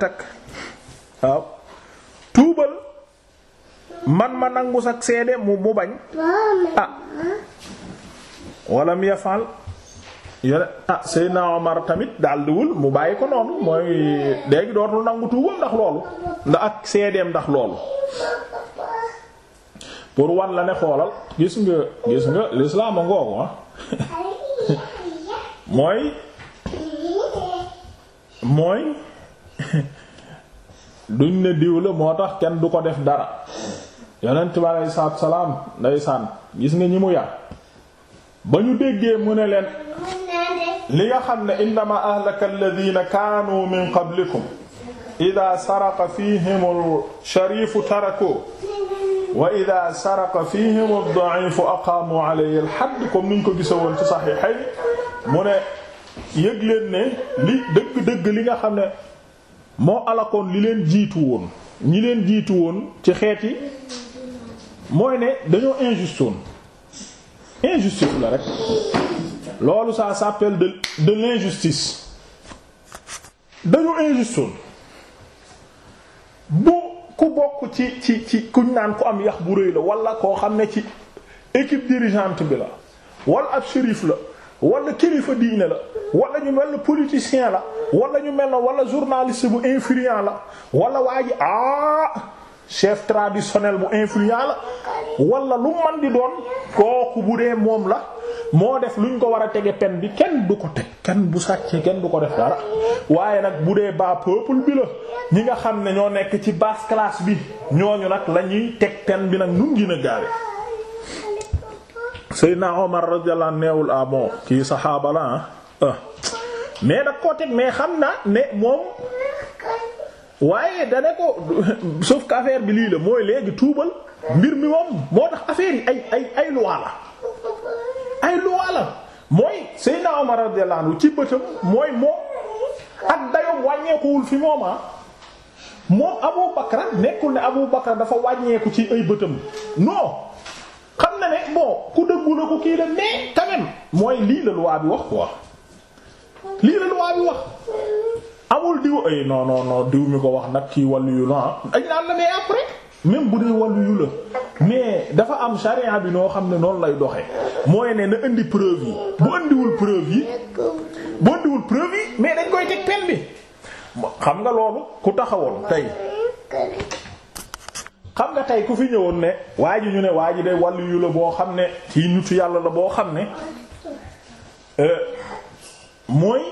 takk waaw tuubal man ma nangu sak seede mu mu bañ ah walam yafal yone ah Seydina Omar tamit daal diwul mu bàyyi ko noonu mooy léegi dootul nangu tuubal ndax loolu ndax ak seedeem ndax loolu pour wan la ne xoolal gis nga gis nga lislaama ngoogu ah mooy mooy duñ ne diw la moo tax kenn du ko def dara yonent bi aleyhi salaatu salaam ndeysaan gis nga ñi mu yar ba ñu déggee mu ne leen li nga xam ne innama ahlaka alladhina kaanu min qablikum ida saraqa fihim sharifu tarako wa ida saraqa fihim ad-da'ifu aqaamu al-hadd comme niñ ko gisa woon ci saxiixay mu ne yëg ne li dëgg-dëgg li nga xam ne moo alakoon li leen jiitu woon ñi leen jiitu woon ci xeeti yi mooy ne dañoo injuste woon injustice la rek loolu saa s'appelle de de l'injustice dañu injuste bu ku bokk ci ci ci kuñ naan ku am yax bu rëy la wala koo xam ne ci équipe dirigeante bi la wala ab shérif la wala kilifa diine la wala ñu mel ne politicien la wala ñu mel ne wala journaliste bu influent la wala waa ji ah chef traditionnel bu influent la walla lu man di doon kooku bu dee moom la moo def luñ ko war a tege pen bi kenn du ko teg kenn bu sàccee kenn du ko def dara waaye nag bu dee bas peuple bi la ñi nga xam ne ñoo nekk ci basse classe bi ñooñu nag lañuy teg pen bi nag nun gën a Seydina Omar radiyallahu anhu neewul ah kii saxaaba la ah, ah. da ko teg mais xam na ne moom waaye da ne ko sauf que bi lii la mooy léegi tuubal mbir mi moom moo tax affaire ay ay ay ay luwaa la mooy Seydina Omar radiyallahu ci bëtam mooy moom ak dayoom wàññeekuwul fi moom ah. moom Abu nekkul ne Abu dafa wàññeeku ci ay bëtëm non. xam na ne bon ku dëggu la ku kii la mais quand mooy lii la loi bi wax quoi lii la loi bi wax amul diw ay eh, non diw mi ko wax nag kii wàllu yu la ah. naan la mais après même bu dee wàllu yu la mais dafa am charia bi noo xam ne noonu lay doxee mooy ne na indi preuve yi bu indiwul preuve yi bu indiwul preuve yi mais dañ koy teg peine bi xam nga loolu ku taxawoon tey. xam nga tey ku fi ñëwoon ne waa ji ñu ne waaju ji day wàllu yu la boo xam ne ci nitu yàlla la boo xam ne euh, mooy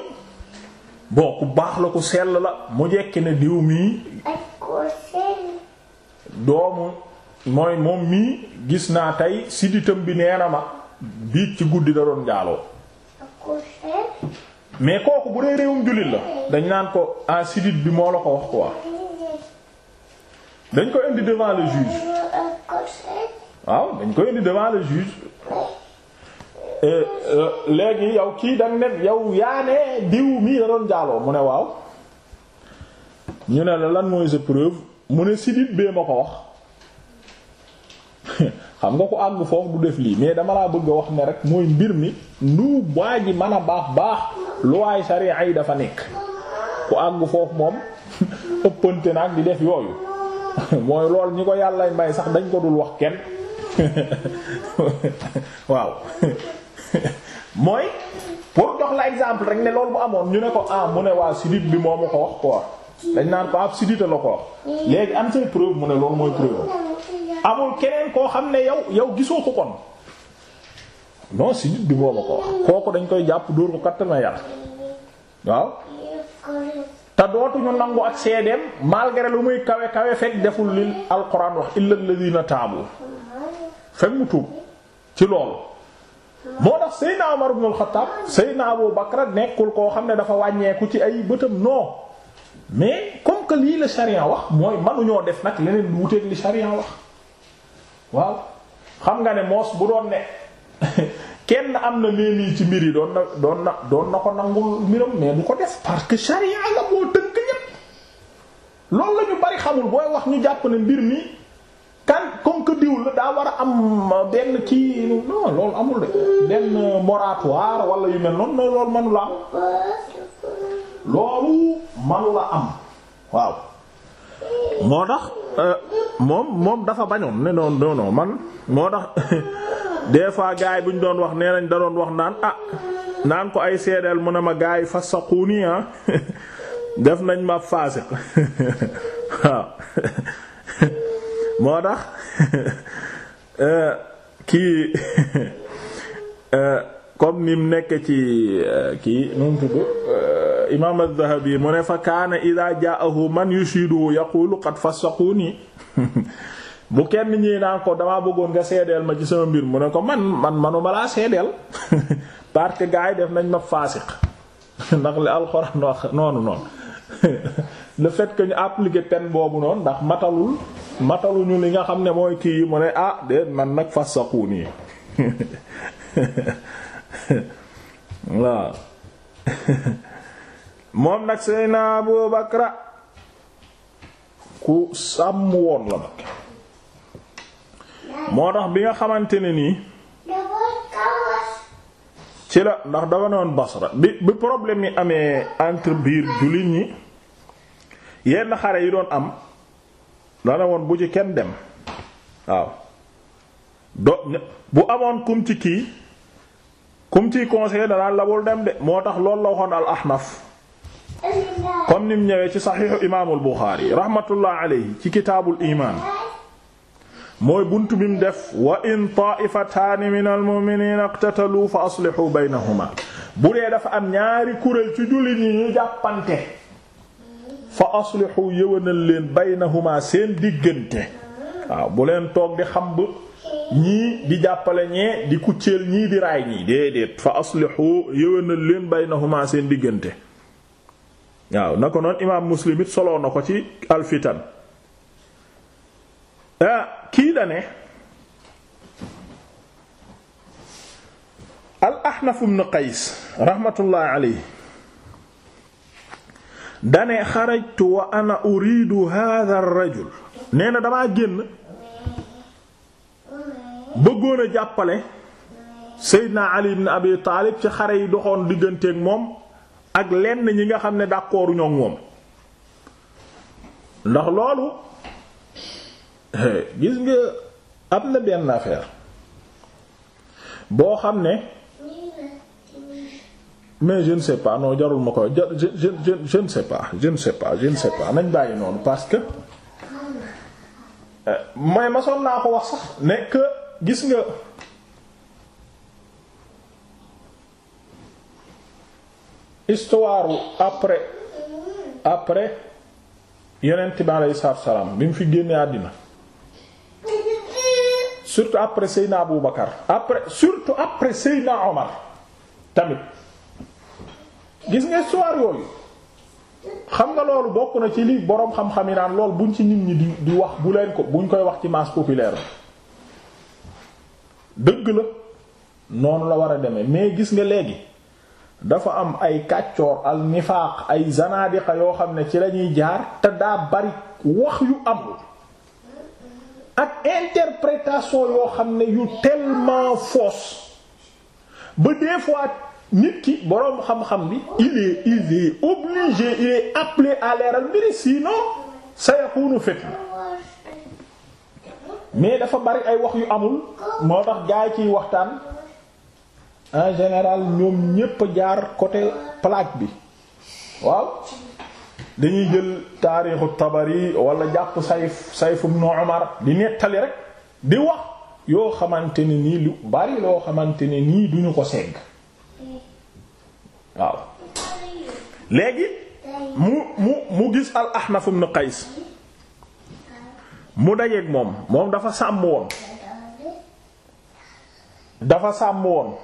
bon ku baax la ku sell la mu jekki ne diw mii doomu mooy moom mii gis naa tey siditam bi nee na ma biig ci guddi da doon jaaloo mais kooku bu dee réewum jullit la dañ naan ko ah sidit bi moo la ko wax quoi dañ ko indi devant le juge waaw dañ ko indi devant le juge eh, eh, léegi yaw kii dañ ne yow yaa ne diw mii da doon jaaloo mu ne waaw ñu ne la lan mooy sa preuve mu ne sidit bee ma ko wax xam nga ko àgg foofu du def lii mais dama laa bëgg a wax ne rek mooy mbir mi nu waa ji mën a baax baax luwaay sariya yi dafa nekk ku àgg foofu moom ëppante nag di def yooyu mooy lool ñi ko yàlla may sax dañ ko dul wax kenn waaw mooy pour jox la exemple rek ne lool mu amoon ñu ne ko ah mu ne waa sidit bi moo ma ko wax dañ naan ko ab ah, sidita la ko wax léegi am say preuve mu ne loolu mooy preuve amul keneen koo xam ne yow yow gisoo ko kon non sidit bi moo ma wax kooku dañ koy jàpp dóor ko quatre-vingts yar waaw te dootuñu nangu ak seedeem malgré lu muy kawe kawe fekk deful li alquran wax illa alladhina taabu fekk mu tuub ci loolu moo tax Seydina Omar ibn al-Khattab Seydina Abu Bakr nekkul koo xam ne dafa wàññeeku ci ay bëtam non mais comme que lii la sharia wax mooy mënuñoo def nag leneen lu wuteeg li sharia wax waaw xam nga ne moos bu doon ne kenn am na léeg ci mbir yi doon na doon na ko nangul mbiram mais du ko def parce que charia la moo tënk ñépp loolu la ñu bari xamul booy wax ñu jàpp ne mbir mi kan comme que daa war a am benn kii non loolu amul de benn moratoire wala yu mel noonu loolu mënu la am loolu mënu am waaw. moo tax euh, moom moom dafa bañoon ne non non man moo tax des fois gars yi bu ñu doon wax nee nañ daroon wax naan ah naan ko ay seedeel mu ne ma gars yi fasaquuni ah def nañ ma faasiq waaw moo tax euh, kii. Euh, comme ni mu nekk ci euh, kii nu mu tudd euh, imaam az mu ne fa kaana idaa jaahu man yushiduhu yaqulu qad fassaquni bu kenn ñëwee naa ko damaa bëggoon nga seedeel ma ci sama mbir mu ne ko man man manuma laa seedeel parce que yi def nañ ma faasiq ndax li alxuraan wax noonu noonu le fait que ñu appliquer peine boobu noonu ndax matalul mataluñu li nga xam ne mooy kii yi mu ne ah déet man nag fassaquni waaw moom nag Seydina Abu Bakra ku sàmm woon la nag moo tax bi nga xamante ne nii ci la ndax dafa ne woon Basra bi bi problème yi amee entre biir jullit ñi yenn xare yi doon am dana woon bu ci kenn dem waaw do bu amoon kum ci kii kum ciy conseillé danaan la bul dem de moo tax lool la waxoon al ahnaf comme nim ñëwee ci saxiixu imaamul buxaari rahmatullah alayhi ci kitaabul iman mooy bunt bi mu def wa in taifataani min almuminina iqtatalu fa aslihu baynahuma bu dee dafa am ñaari kuréel ci jullit ñi ñu jàppante fa aslihu yëwanal leen baynahuma seen diggante waaw bu leen toog di xam ñii di jàppale ñee di kucceel ñii di raay ñii déedéet fa aslihu yëwénal leen baynahuma seen diggante waaw na ko noon imaam muslim it soloo na ko ci alfitan ah, kii dane al ahnaf ibn qays rahmatullahi dane xarajtu wa ana uridu hadha rajul nee na damaa génn bëggoon a jàppale Seydina Ali ibn Abi ci xare yi doxoon digganteeg moom ak lenn ñi nga xam ne d'accord ñoo moom ndax loolu gis nga am na benn affaire boo xam ne mais je ne sais pas non jarul ma ko je je je ne sais pas je ne pas nañ bàyyi noonu parce que euh, mais ma sonn ko wax sax ne gis nga histoire après après yonent bi aleyhi salaatu salaam bi mu fi génnee àddina surtout après Seyna Abou Bakar après surtout après Seyna Omar tamit gis nga histoire yooyu xam nga loolu bokk na ci lii boroom xam-xam yi naan loolu buñ ci nit ñi di di wax bu leen ko buñ koy wax ci masse populaire la dëgg la noonu la war a demee mais gis nga léegi dafa am ay kàccoor al nifaaq ay zanadiqa yoo xam ne ci lañuy jaar te daa bari wax yu amul ak interprétation yoo xam ne yu tellement fausse ba des fois nit ki boroom xam-xam bi il est il est obligé il est appelé à leeral mbiri mais dafa bari ay wax yu amul moo tax gaay ciy waxtaan en général ñoom ñépp jaar côté plaque bi waaw dañuy jël taarixu tabari wala jàpp sayf sayf ibn Umar di nettali rek di wax yoo xamante ne nii lu bari loo xamante ne nii duñu ko segg waaw léegi mu mu mu gis al Ahnaf ibn Qays mu dajeeg moom moom dafa sàmm woon dafa sàmm woon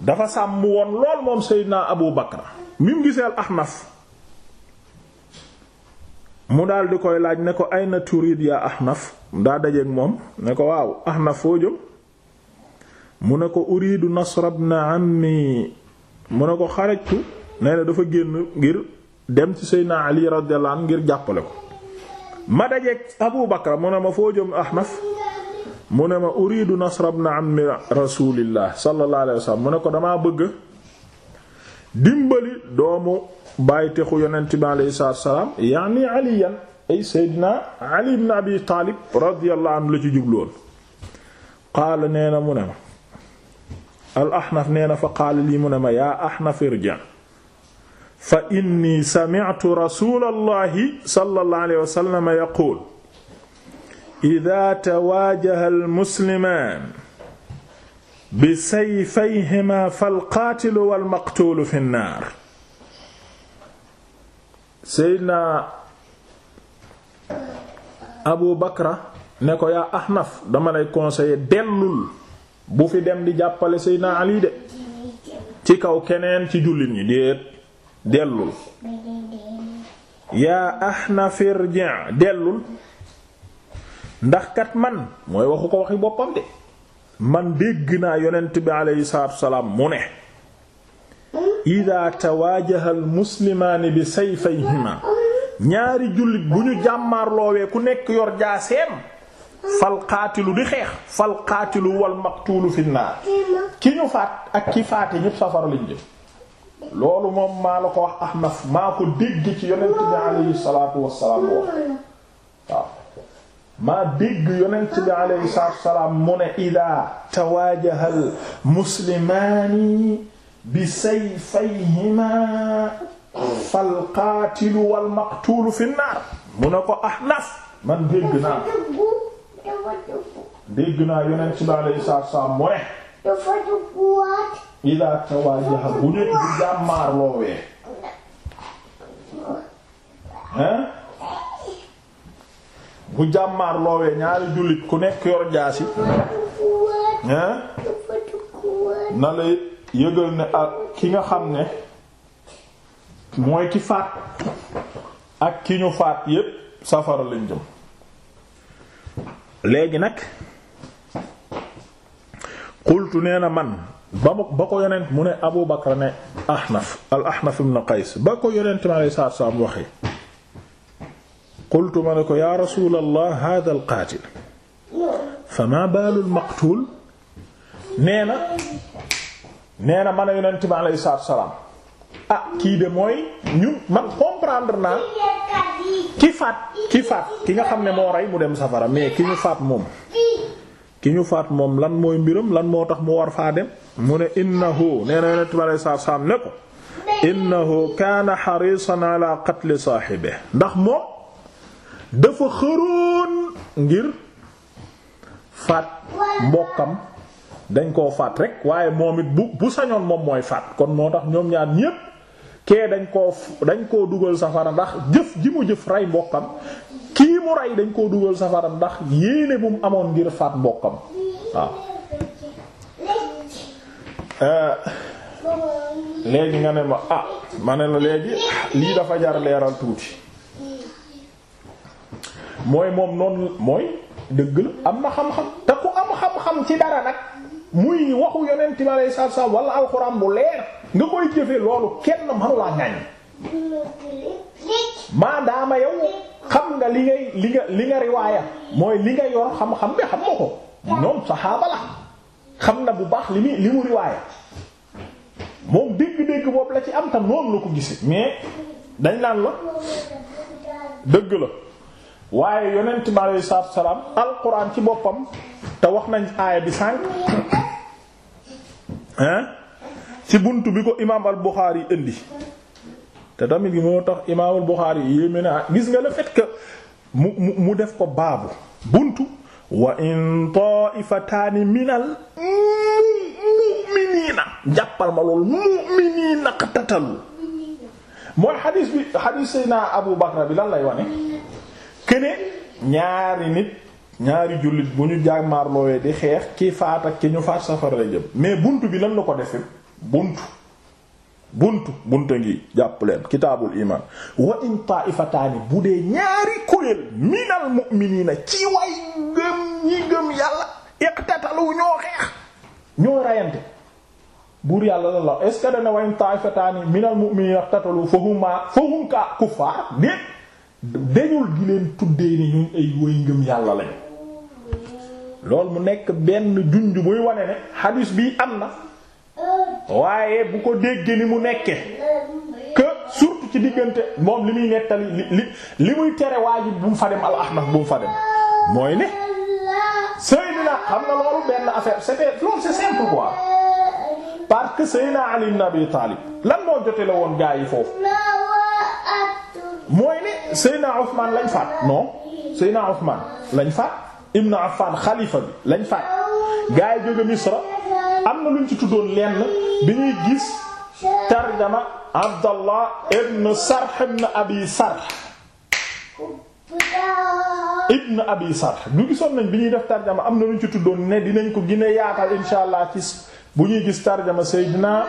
dafa sàmm woon lool moom Seydina Abu Bakr mi mu giseel Ahnaf mu daal di koy laaj ne ko ay na turid yaa Ahnaf daa dajeeg moom ne ko waaw Ahnaf foo jëm mu ne ko uridu nasra ibn ammi mu ne ko xarajtu nee na dafa génn ngir dem ci Seydina Ali radiyallahu anhu ngir jàppale ko ma dajeeg Abu Bakra mu ne ma foo jëm Ahnaf mu ne ma uridu nasra ibn ammi rasulillah sallallahu alayhi wasallam mu ne ko damaa bëgg dimbali doomu bàyyitexu yonent bi alayhi salaam yaani aliyan ay seydina ali ibn abi taalib radiyallahu anhu la ci jubloon qaala nee na mu ne ma al ahnaf nee na fa qaala lii mu ne ma yaa ahnaf irja fa inni sami'tu rasulallahi sallallahu alayhi wa sallam bi idha tawajaha almusliman bisayfayhima falqaatilu walmaqtuulu fi nnaar seydna abu bakra ne ko yaa ahnaf dama dellul bu fi dem di jàppale seydna ali de ci kaw keneen ci jullit ñi dellul yaa Ahnaf irji' dellul ndax kat man mooy waxu ko waxi boppam de man dégg naa yonent bi aleyhi salaatu wasalaam mu ne idaa tawaajaha al muslimaani bi sayfayhima ñaari jullit bu ñu jàmmaarloowee ku nekk yor jaaseem fal qaatilu di xeex fal qaatilu wal maqtuulu fi naar ki ñu faat ak ki faate ñépp safara lañ jëm loolu moom maa la ko wax Ahnaf maa ko dégg ci yonent bi alayhi salaatu wassalaam wax waaw maa dégg yonent bi alayhi salaatu wassalaam mu ne idaa tawaajaha al muslimaani bi sayfayhimaa fal qaatilu wal maqtuulu fi naar mu ne ko Ahnaf man dégg naa dégg naa yonent bi alayhi salaatu wassalaam mu ne idaa tawaajaha bu ñu bu jàmmaar loowee hein bu jàmmaar loowee ñaari jullit ku nekk yor jaasi hein na la yëgal ne ak ki nga xam ne mooy ki faat ak ki ñu faat yépp safara lañ jëm léegi nag qultu nee na man ba mu ba ko yonent mu ne Abu Bakr ne Ahnaf al Ahnaf ibn Qays ba ko yonent ma lay saa saa mu waxee qultu ma ne ko yaa rasuulallah hada al qaatil fa ma baalu maqtuul nee na nee na man a yonent ma lay saa salaam ah kii de mooy ñu man comprendre naa ki faat ki faat ki nga xam ne moo rey mu dem safara mais ki faat moom ki ñu faat moom lan mooy mbiram lan moo tax mu war faa dem mu ne innahu nee na yonent bi alei saatu salaam ne ko innahu kaana xarisan ala qatli saaxibe ndax moom dafa xëroon ngir faat mbokkam dañ koo faat rek waaye moom it bu bu sañoon moom mooy faat kon moo tax ñoom ñaar ñépp kee dañ koo dañ koo dugal safara ndax jëf ji mu jëf rey mbokkam kii mu rey dañ koo dugal safara ndax yéene bu mu amoon ngir faat mbokkam waaw Eh, léegi nga ne ma ah ma ne la léegi lii dafa jar leeral tuuti mooy moom noonu mooy dëgg la am na xam-xam te ku am xam-xam ci dara nag muy waxu yonent bi alayhi salaatu salaam wala alxuraan bu leer nga koy jëfe loolu kenn manula ngañ maadaama yow xam nga li nga li nga riwaaya mooy li nga yor xam-xam bi xam nga ko ñoom saxaaba la xam na bu baax li mu li mu riwaaya moom dégg-dégg boobu la ci am tam noonu la ko gise mais dañ naan la dëgg la waaye yonent bi aleyhi salaatu wa salaam alquran ci boppam te wax nañ aaya bi sànq hein ci bunt bi ko imaam al Buxaari indi te tamit gi moo tax imaam al Buxaari yéeme na gis nga le fait mu mu mu def ko baabu buntu. wa in taifataani minal mu'miniina jàppal ma loolu mu'miniina qatatalu mooy xadiis bi xadiis Seydina Abu Bakra bi lan lay wane kene ñaari nit ñaari jullit bu ñu jàmmaarloowee di xeex ki faat ak ki ñu faat safara la jëm mais bunt bi lan la ko defee bunt buntu buntu ngi jàpp kitaabul iman wa in taifataani bu dee ñaari kuréel minal mu'minina ci way ngëm ñi ngëm yàlla iqtatalu ñoo xeex ñoo rayante buur yàlla la la est-ce dana wa in taifataani minal mu'minina iqtatalu fahuma fahum ka kuffar déet dañul gi leen tuddee ni ñun way ngëm yàlla lañu loolu mu nekk benn junj buy wane ne hadis bi am na waaye bu ko déggee ni mu nekke que surtout ci diggante moom li muy nettali li li li muy tere waajib bu mu fa dem al ahnas bu mu fa dem mooy ne Seydina xam nga loolu que Seydina lan moo jote woon gaa yi foofu mooy ne Seydina lañ faat non Seydina Ousmane lañ faat ibn Affan xalifa bi lañ faat gaa yi jóge Misra am na luñ ci tuddoon lenn bi ñuy gis tarjama Abdallah ibn Sarh ibn Abi Sarh ibn gisoon nañ bi ñuy def tarjama am na lu ci tuddoon ne dinañ ko gën a yaatal insha allah ci bu ñuy gis tarjama Seydina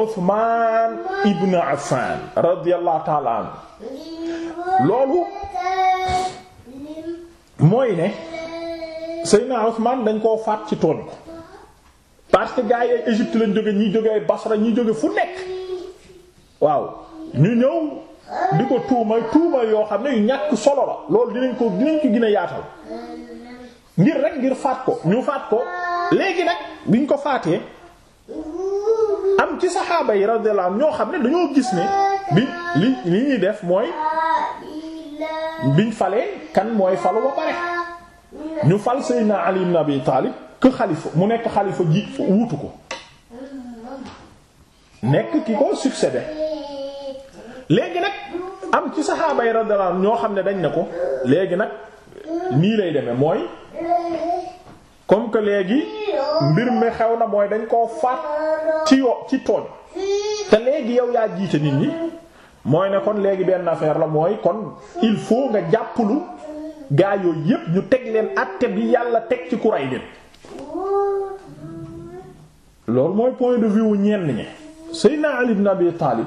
Uthman ibn Affan radiyallahu ta'ala anhu loolu mooy ne Seydina Usmaan dañ koo faat ci tooñ parce que gars yi ay Égypte lañ jóge ñi jóge ay Basra ñi jóge fu nekk waaw ñu ñëw di ko tuumal tuuma yoo xam ne yu ñàkk solo la loolu dinañ ko dinañ ko gën yaatal ngir rek ngir faat ko ñu faat ko léegi nag biñ ko faatee am ci saxaaba yi radiyallahu anhum ñoo xam ne dañoo gis ne bi li li ñuy def mooy biñ falee kan mooy falu ba ñu fal Seydina Ali ibn Abi Taalib que xalifa mu nekk xalifa ji wuutu ko nekk ki ko succédé léegi nag am ci saxaaba yi ñoo xam ne dañ ne ko léegi nag nii lay demee mooy comme que léegi mbir mi xew na mooy dañ koo faat ci yo ci tooñ te léegi yow yaa jiite nit ñi mooy ne kon léegi benn affaire la mooy kon il faut nga jàppalu gaa yooyu yépp ñu teg leen àtte bi yàlla teg ci kuray leen loolu mooy point de vue wu ñenn ñi Seydina Ali ibn Abi Talib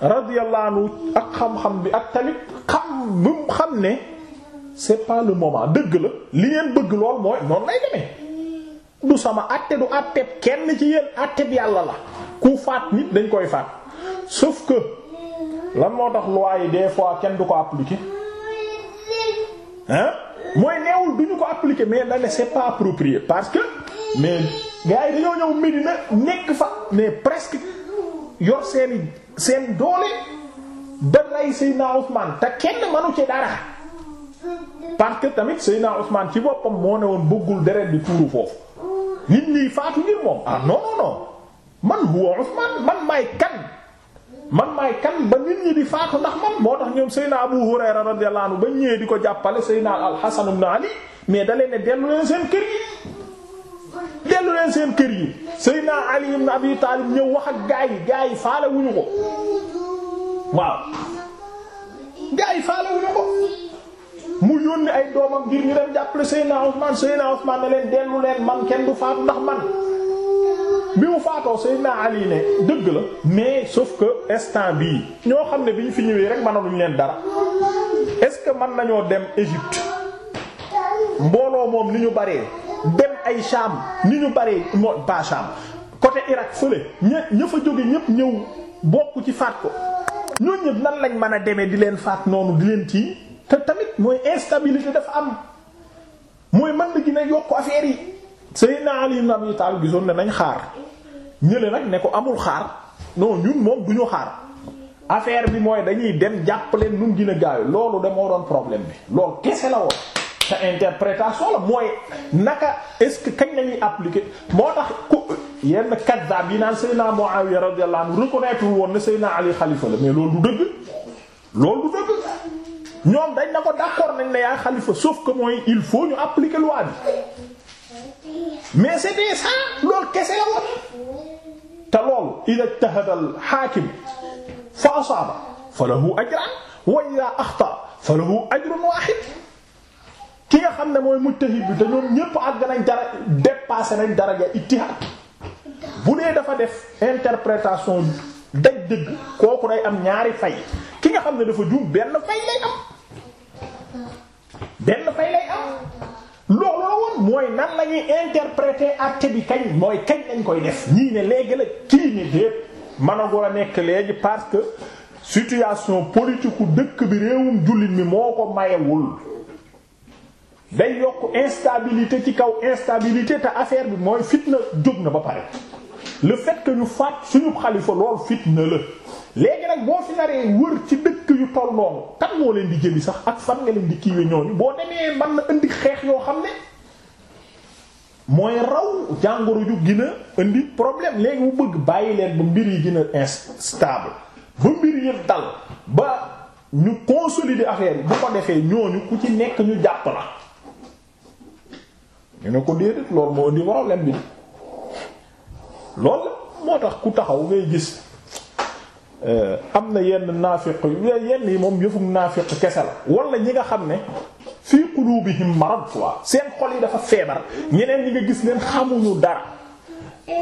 radiyallahu ak xam-xam bi ak tamit xam bu mu xam ne c'est pas le moment dëgg la li ngeen bëgg lool mooy noonu lay demee du sama àtte du àtte kenn ci yéen àtte bi yàlla la ku faat nit dañ koy faat sauf que lan moo tax loi yi des fois kenn du ko appliquer hein mooy neewul du ñu ko appliquer mais dañ ne c'est pas approprié parce que mais gars yi dañoo ñëw Médina nekk fa mais presque yor seen seen doole da rey Seydina Ousmane te kenn manu ci dara parce que tamit Seydina Ousmane ci boppam moo ne woon bëggul deret di tuuru foofu nit ñi faatu ngir moom ah non non man huwa Ousmane man maay kan man maay kan ba nit ñi di faatu ndax man moo tax ñoom Seydina Abu Hurayra radiyallahu anhu ba ñëwee di ko jàppale Seydina al-Hasan ibn Ali mais da leen ne dellu leen seen kër yi dellu leen seen kër yi Seydina Ali ibn Abi Talib ñëw wax ak gaa yi gaa yi faale wuñu ko waaw gaa yi faale wuñu ko mu yónni ay doomam ngir ñu dem jàppale Seydina Usman Seydina Usman ne leen dellu leen man kenn du faatu ndax man bi mu faatoo Seydina Ali ne dëgg la mais sauf que instant bii ñoo xam ne bi ñu fi ñëwee rek mënaluñ leen dara est-ce que mën nañoo dem Égypte mbooloo moom ni ñu baree dem ay Sham ni ñu baree moo ba côté Irak fële ña ña fa jóge ñépp ñëw bokk ci faat ko ñooñu ñépp nan lañ mën a demee di leen faat noonu di leen tii te tamit mooy instabilité dafa am mooy man na gën a yokk affaire yi Seydina Ali ibn Abi Talib gisoon ne nañ xaar ñële nag ne ko amul xaar non ñun moom duñu xaar affaire bi mooy dañuy dem jàpp leen nu mu gën a gaaw loolu de moo doon problème bi loolu kese la woon. sa interprétation la mooy naka est que kañ nañuy appliquer moo tax ku yenn kaddaab yi naan Seydina Muawiya radiyallahu anhu reconnaître woon ne Seydina Ali xalifa la mais loolu du dëgg loolu du dëgg ñoom dañ na ko d'accord nañ ne yaa xalifa sauf que mooy il faut ñu appliquer loi bi mais c'était ça loolu kese la woon. te loolu ida ijtahada al xaakim fa asaaba fa lahu ajran wa ida axta fa lahu ajrun waaxid ki nga xam ne mooy mujtahid bi te ñoom ñépp àgg nañ dara nañ dara ja bu nee dafa def interprétation daj dëgg kooku day am ñaari fay ki nga xam ne dafa juum benn fay lay am benn fay lay am loolu la woon mooy nan la ñuy interpréter acte bi kañ mooy kañ lañ koy def ñii ne léegi la kii ne déet managul a nekk léegi parce que situation politique dëkk bi réewum jullit mi moo ko mayewul day yokk instabilité ci kaw instabilité te affaire bi mooy fitna jóg na ba pare le fait que ñu faat suñu xalifa lool fitna la léegi nag boo fi wër ci dëkk yu toll noonu kan moo leen di jëli sax ak fan nga leen di kiiwe ñooñu boo demee mën na indi xeex yoo xam ne mooy raw jàngoro ju gën indi problème léegi mu bëgg bàyyi leen ba mbir yi gën a instable ba mbir yi dal ba ñu consolider affaire yi bu ko defee ñooñu ku ci nekk ñu jàpp la ñu ne ko déedéet loolu moo indi problème bi loolu moo tax ku taxaw ngay gis euh, am na yenn naafiq yenn yi moom yëfum naafiq kese la walla ñi nga xam ne fii qulubihim marad quoi seen xol yi dafa feebar ñeneen ñi nga gis leen xamuñu dara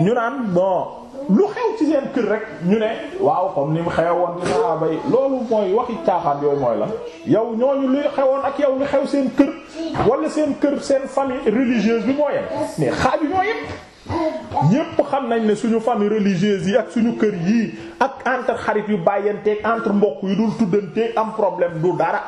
ñu naan bon lu xew ci seen kër rek ñu ne waaw comme ni mu xewoon ci saxaaba yi loolu mooy waxi caaxaan yooyu mooy la yow ñooñu luy xewoon ak yow lu xew seen kër walla seen kër seen famille religieuse bi moo yem mais xaaju ñoo yem ñépp xam nañ ne suñu famille religieuse yi ak suñu kër yii ak entre xarit yu bàyyanteeg entre mbokk yu dul tuddanteeg am problème du dara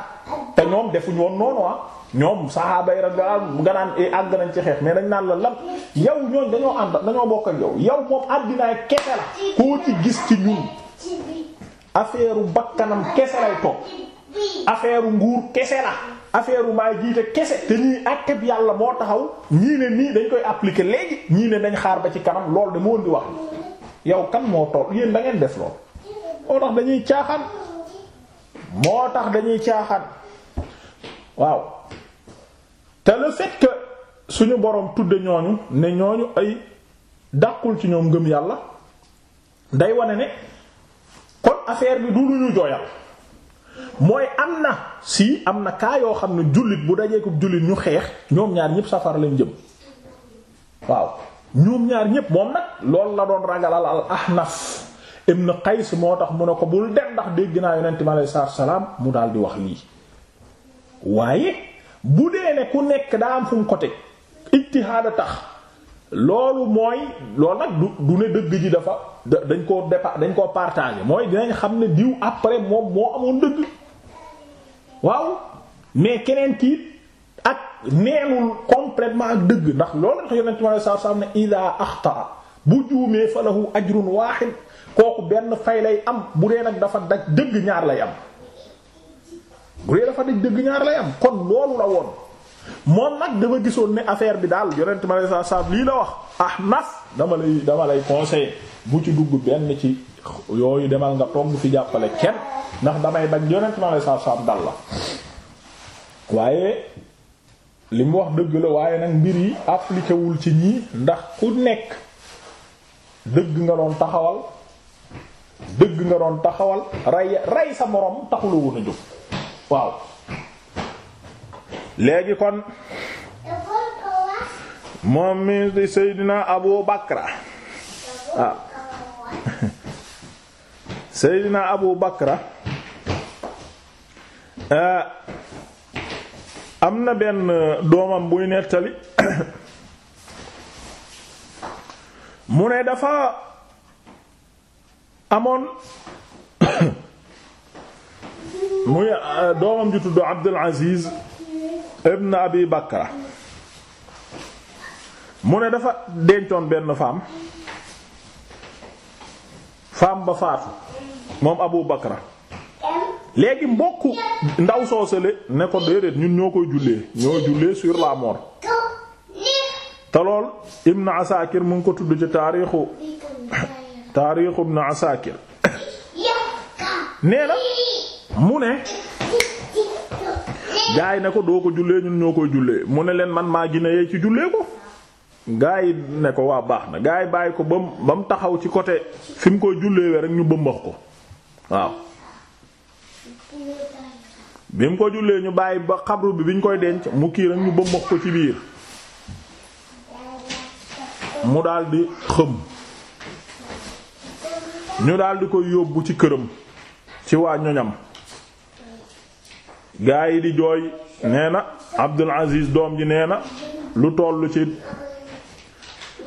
te ñoom defuñu woon noonu ah ñoom saxaaba yi radiyallahu nga naan eh, àgg nañ ci xeex mais dañ naan la lan yow ñooñ dañoo ànd dañoo bokk ak yow yow moom àddinaay kese la koo ci gis ci ñun affaire bakkanam kese lay topp affaire nguur kese la affaire u maa jiite kese te ñuy àtteb yàlla moo taxaw ñii ne nii dañ koy appliquer léegi ñii ne dañ xaar ba ci kanam loolu de moo di wax yow kan moo toll yéen da def lool moo tax dañuy caaxaan moo tax dañuy caaxaan waaw te le fait que suñu boroom tudde ñooñu ne ñooñu ay dàqul ci ñoom ngëm yàlla day wane ne kon affaire bi du lu ñu jooyal mooy am na si am na kaa yoo xam ne jullit bu dajeeku jullit ñu xeex ñoom ñaar ñépp safara lañ jëm waaw ñoom ñaar ñépp moom nag loolu la doon ragalal al ahnaf ibn qays moo tax mu ne ko bul dem ndax dégg naa yonent mi aleyhi salaatu salaam mu daal di wax lii waaye bu dee ne ku nekk daa am fu ko teg ijtihaad a tax loolu mooy loolu nag du du ne dëgg ji dafa dañ koo dépa dañ koo partagé mooy dinañ xam ne diw après moom moo amoon dëgg waaw mais keneen kii ak neenul complètement ak dëgg ndax loolu tax yonent bi sallallahu alayhi wasallam ne ida axtaa bu juumee fa lahu ajrun kooku benn fay lay am bu dee nag dafa daj dëgg ñaar lay am bu dee dafa daj dëgg ñaar lay am kon loolu la woon moom nag dama gisoon ne affaire bi daal yonent ma saa saab lii la wax ah nas dama lay dama lay conseiller bu ci dugg benn ci yooyu demal nga toog fi jàppale kenn ndax damay bañ yonent ma saa saab dal la waaye li mu wax dëgg la waaye nag mbir yi appliqué wul ci ñii ndax ku nekk dëgg nga doon taxawal dëgg nga doon taxawal rey rey sa moroom taxula woon a jóg waaw léegi kon moom mi di Seydina Abu Bakra ah. Seydina Abu Bakra eh, am na benn doomam buy nettali mu ne dafa amoon muy eh, doomam ju tudd Abdul Aziz ibn abi bakra mu ne dafa dencoon benn femme femme ba faatu moom abu bakra léegi mbokk ndaw soosale ne ko déedéet ñun ñoo koy jullee ñoo jullee sur la mort te lool ibn asakir mu ngi ko tudd ci taarixu taarixu ibn asakir nee na mu ne gaa yi ne ko doo ko jullee ñun ñoo koy jullee mu ne leen man maa gina yee ci jullee ko gaa yi ne ko waa baax na gaa yi bàyyi ko ba mu ba mu taxaw ci côté fi mu koy jullee we rek ñu bëmbax ko waaw bi mu ñu bàyyi ba xabru bi bi koy denc mu rek ñu bëmbax ko ci biir mu daldi xëm ñu daldi koy yóbbu ci këram ci waa ñoñam gaa yi di jooy nee na Abdul Aziz doom ji nee na lu toll ci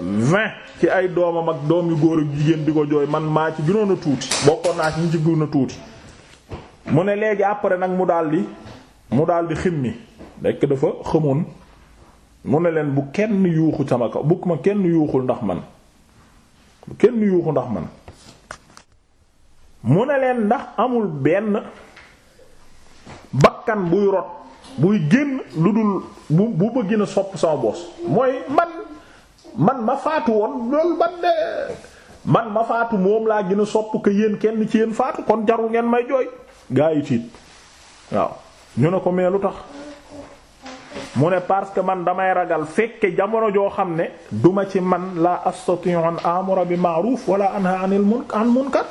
vingt ci ay doomam ak doom yu góor ak jigéen di ko jooy man maa ci gënoon a tuuti bokkoon naa ci ñu ci gënoon a tuuti mu ne léegi après nag mu daldi mu daldi ximmi nekk dafa xamoon mu ne leen bu kenn yuuxu sama kaw bu ma kenn yuuxul ndax man kenn yuuxu ndax man mu ne leen ndax amul benn bakkan buy rot buy génn lu dul bu bu ma gën a sopp sama boos mooy man man ma faatu woon loolu ban de man ma faatu moom laa gën a sopp que yéen kenn ci yéen faatu kon jarul ngeen may jooy gaa yi tiit waaw ñu ne ko mais lu tax mu ne parce que man damay ragal fekke jamono joo xam ne duma ci man la astati'u an amura bi ma'ruf wala anha anil munkar an munkar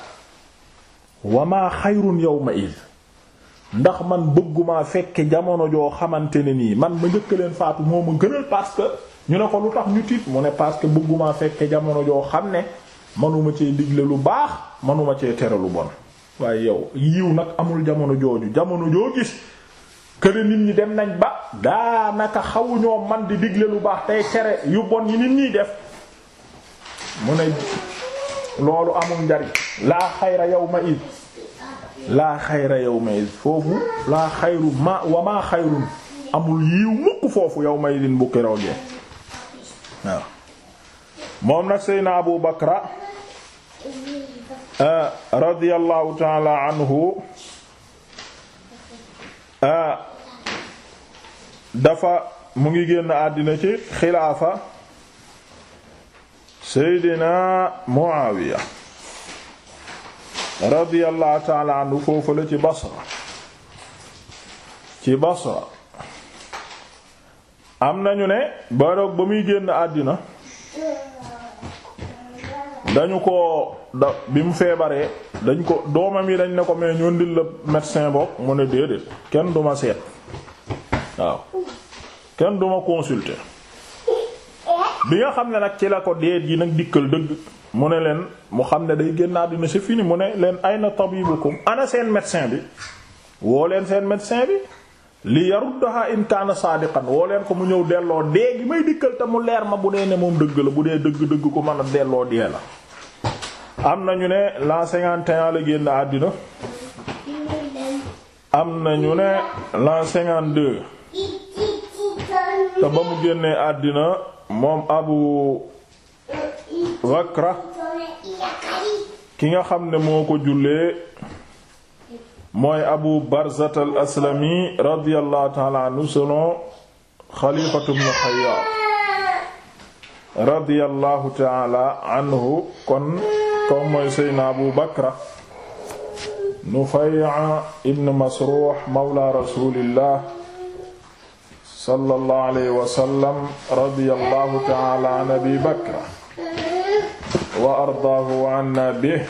wa ma xayrun yawma id ndax man bëgguma fekke jamono joo xamante ne nii man ma njëkk leen faatu moo ma gënal parce que ñu ne ko lu tax ñu tiit mu ne parce que bëgguma fekke jamono joo xam ne manuma cee digle lu baax manuma cee tere lu bon waaye yow yiw nag amul jamono jooju jamono joo gis këre nit ñi dem nañ ba daanaka xawu ñoo man di digle lu baax tey tere yu bon yi nit ñiy def mu ne loolu amul njariñ laa xayra ma id laa xayra yawma foofu laa xayru ma wa maa xayrun amul yiw mukk foofu yawma idin bu keroogee waaw moom nag Seydina Abu Bakra ah, radiyallahu taala anhu ah, dafa mu ngi génn àddina ci xilaafa Seydina Muawiya radiyallahu taala anhu foofu la ci Basra ci Basra am nañu ne baroog ba muy génn àddina dañu ko da bi mu feebaree dañ ko doomam yi dañ ne ko mais ñoo ndil la médecin bopp mu ne déedéet kenn duma seet waaw kenn duma consulter bi nga xam ne nag ci la ko deet yi nag dikkal dëgg mu ne leen mu xam ne day génn àddina c'est fini mu ne leen ay na ayna tabibukum ana seen médecin bi woo leen seen médecin bi li yaruddaha in kaana saadiqan woo leen ko mu ñëw delloo dee gi may dikkal te mu leer ma bu dee ne moom dëgg la bu dee dëgg dëgg ko mën a delloo dee la am na ñu ne l'an 51 la génn àddina am na ñu ne l'an 52 te ba mu génnee àddina moom abu Zakra ki nga xam ne moo ko jullee mooy Abu Barzat al Aslami radiyallahu ta'ala anhu selon Xalifatu ibn Xayyaat radiyallahu ta'ala anhu kon comme mooy Seydina Abu Bakra Nufay' ibn Masruh mawla rasulillah sallallahu alayhi wa ta'ala an Abi Bakra wa ardaahu wa anna bihi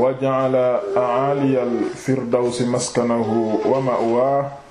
wa ja'ala a'ali al-firdawsi maskanahu wa ma'waahu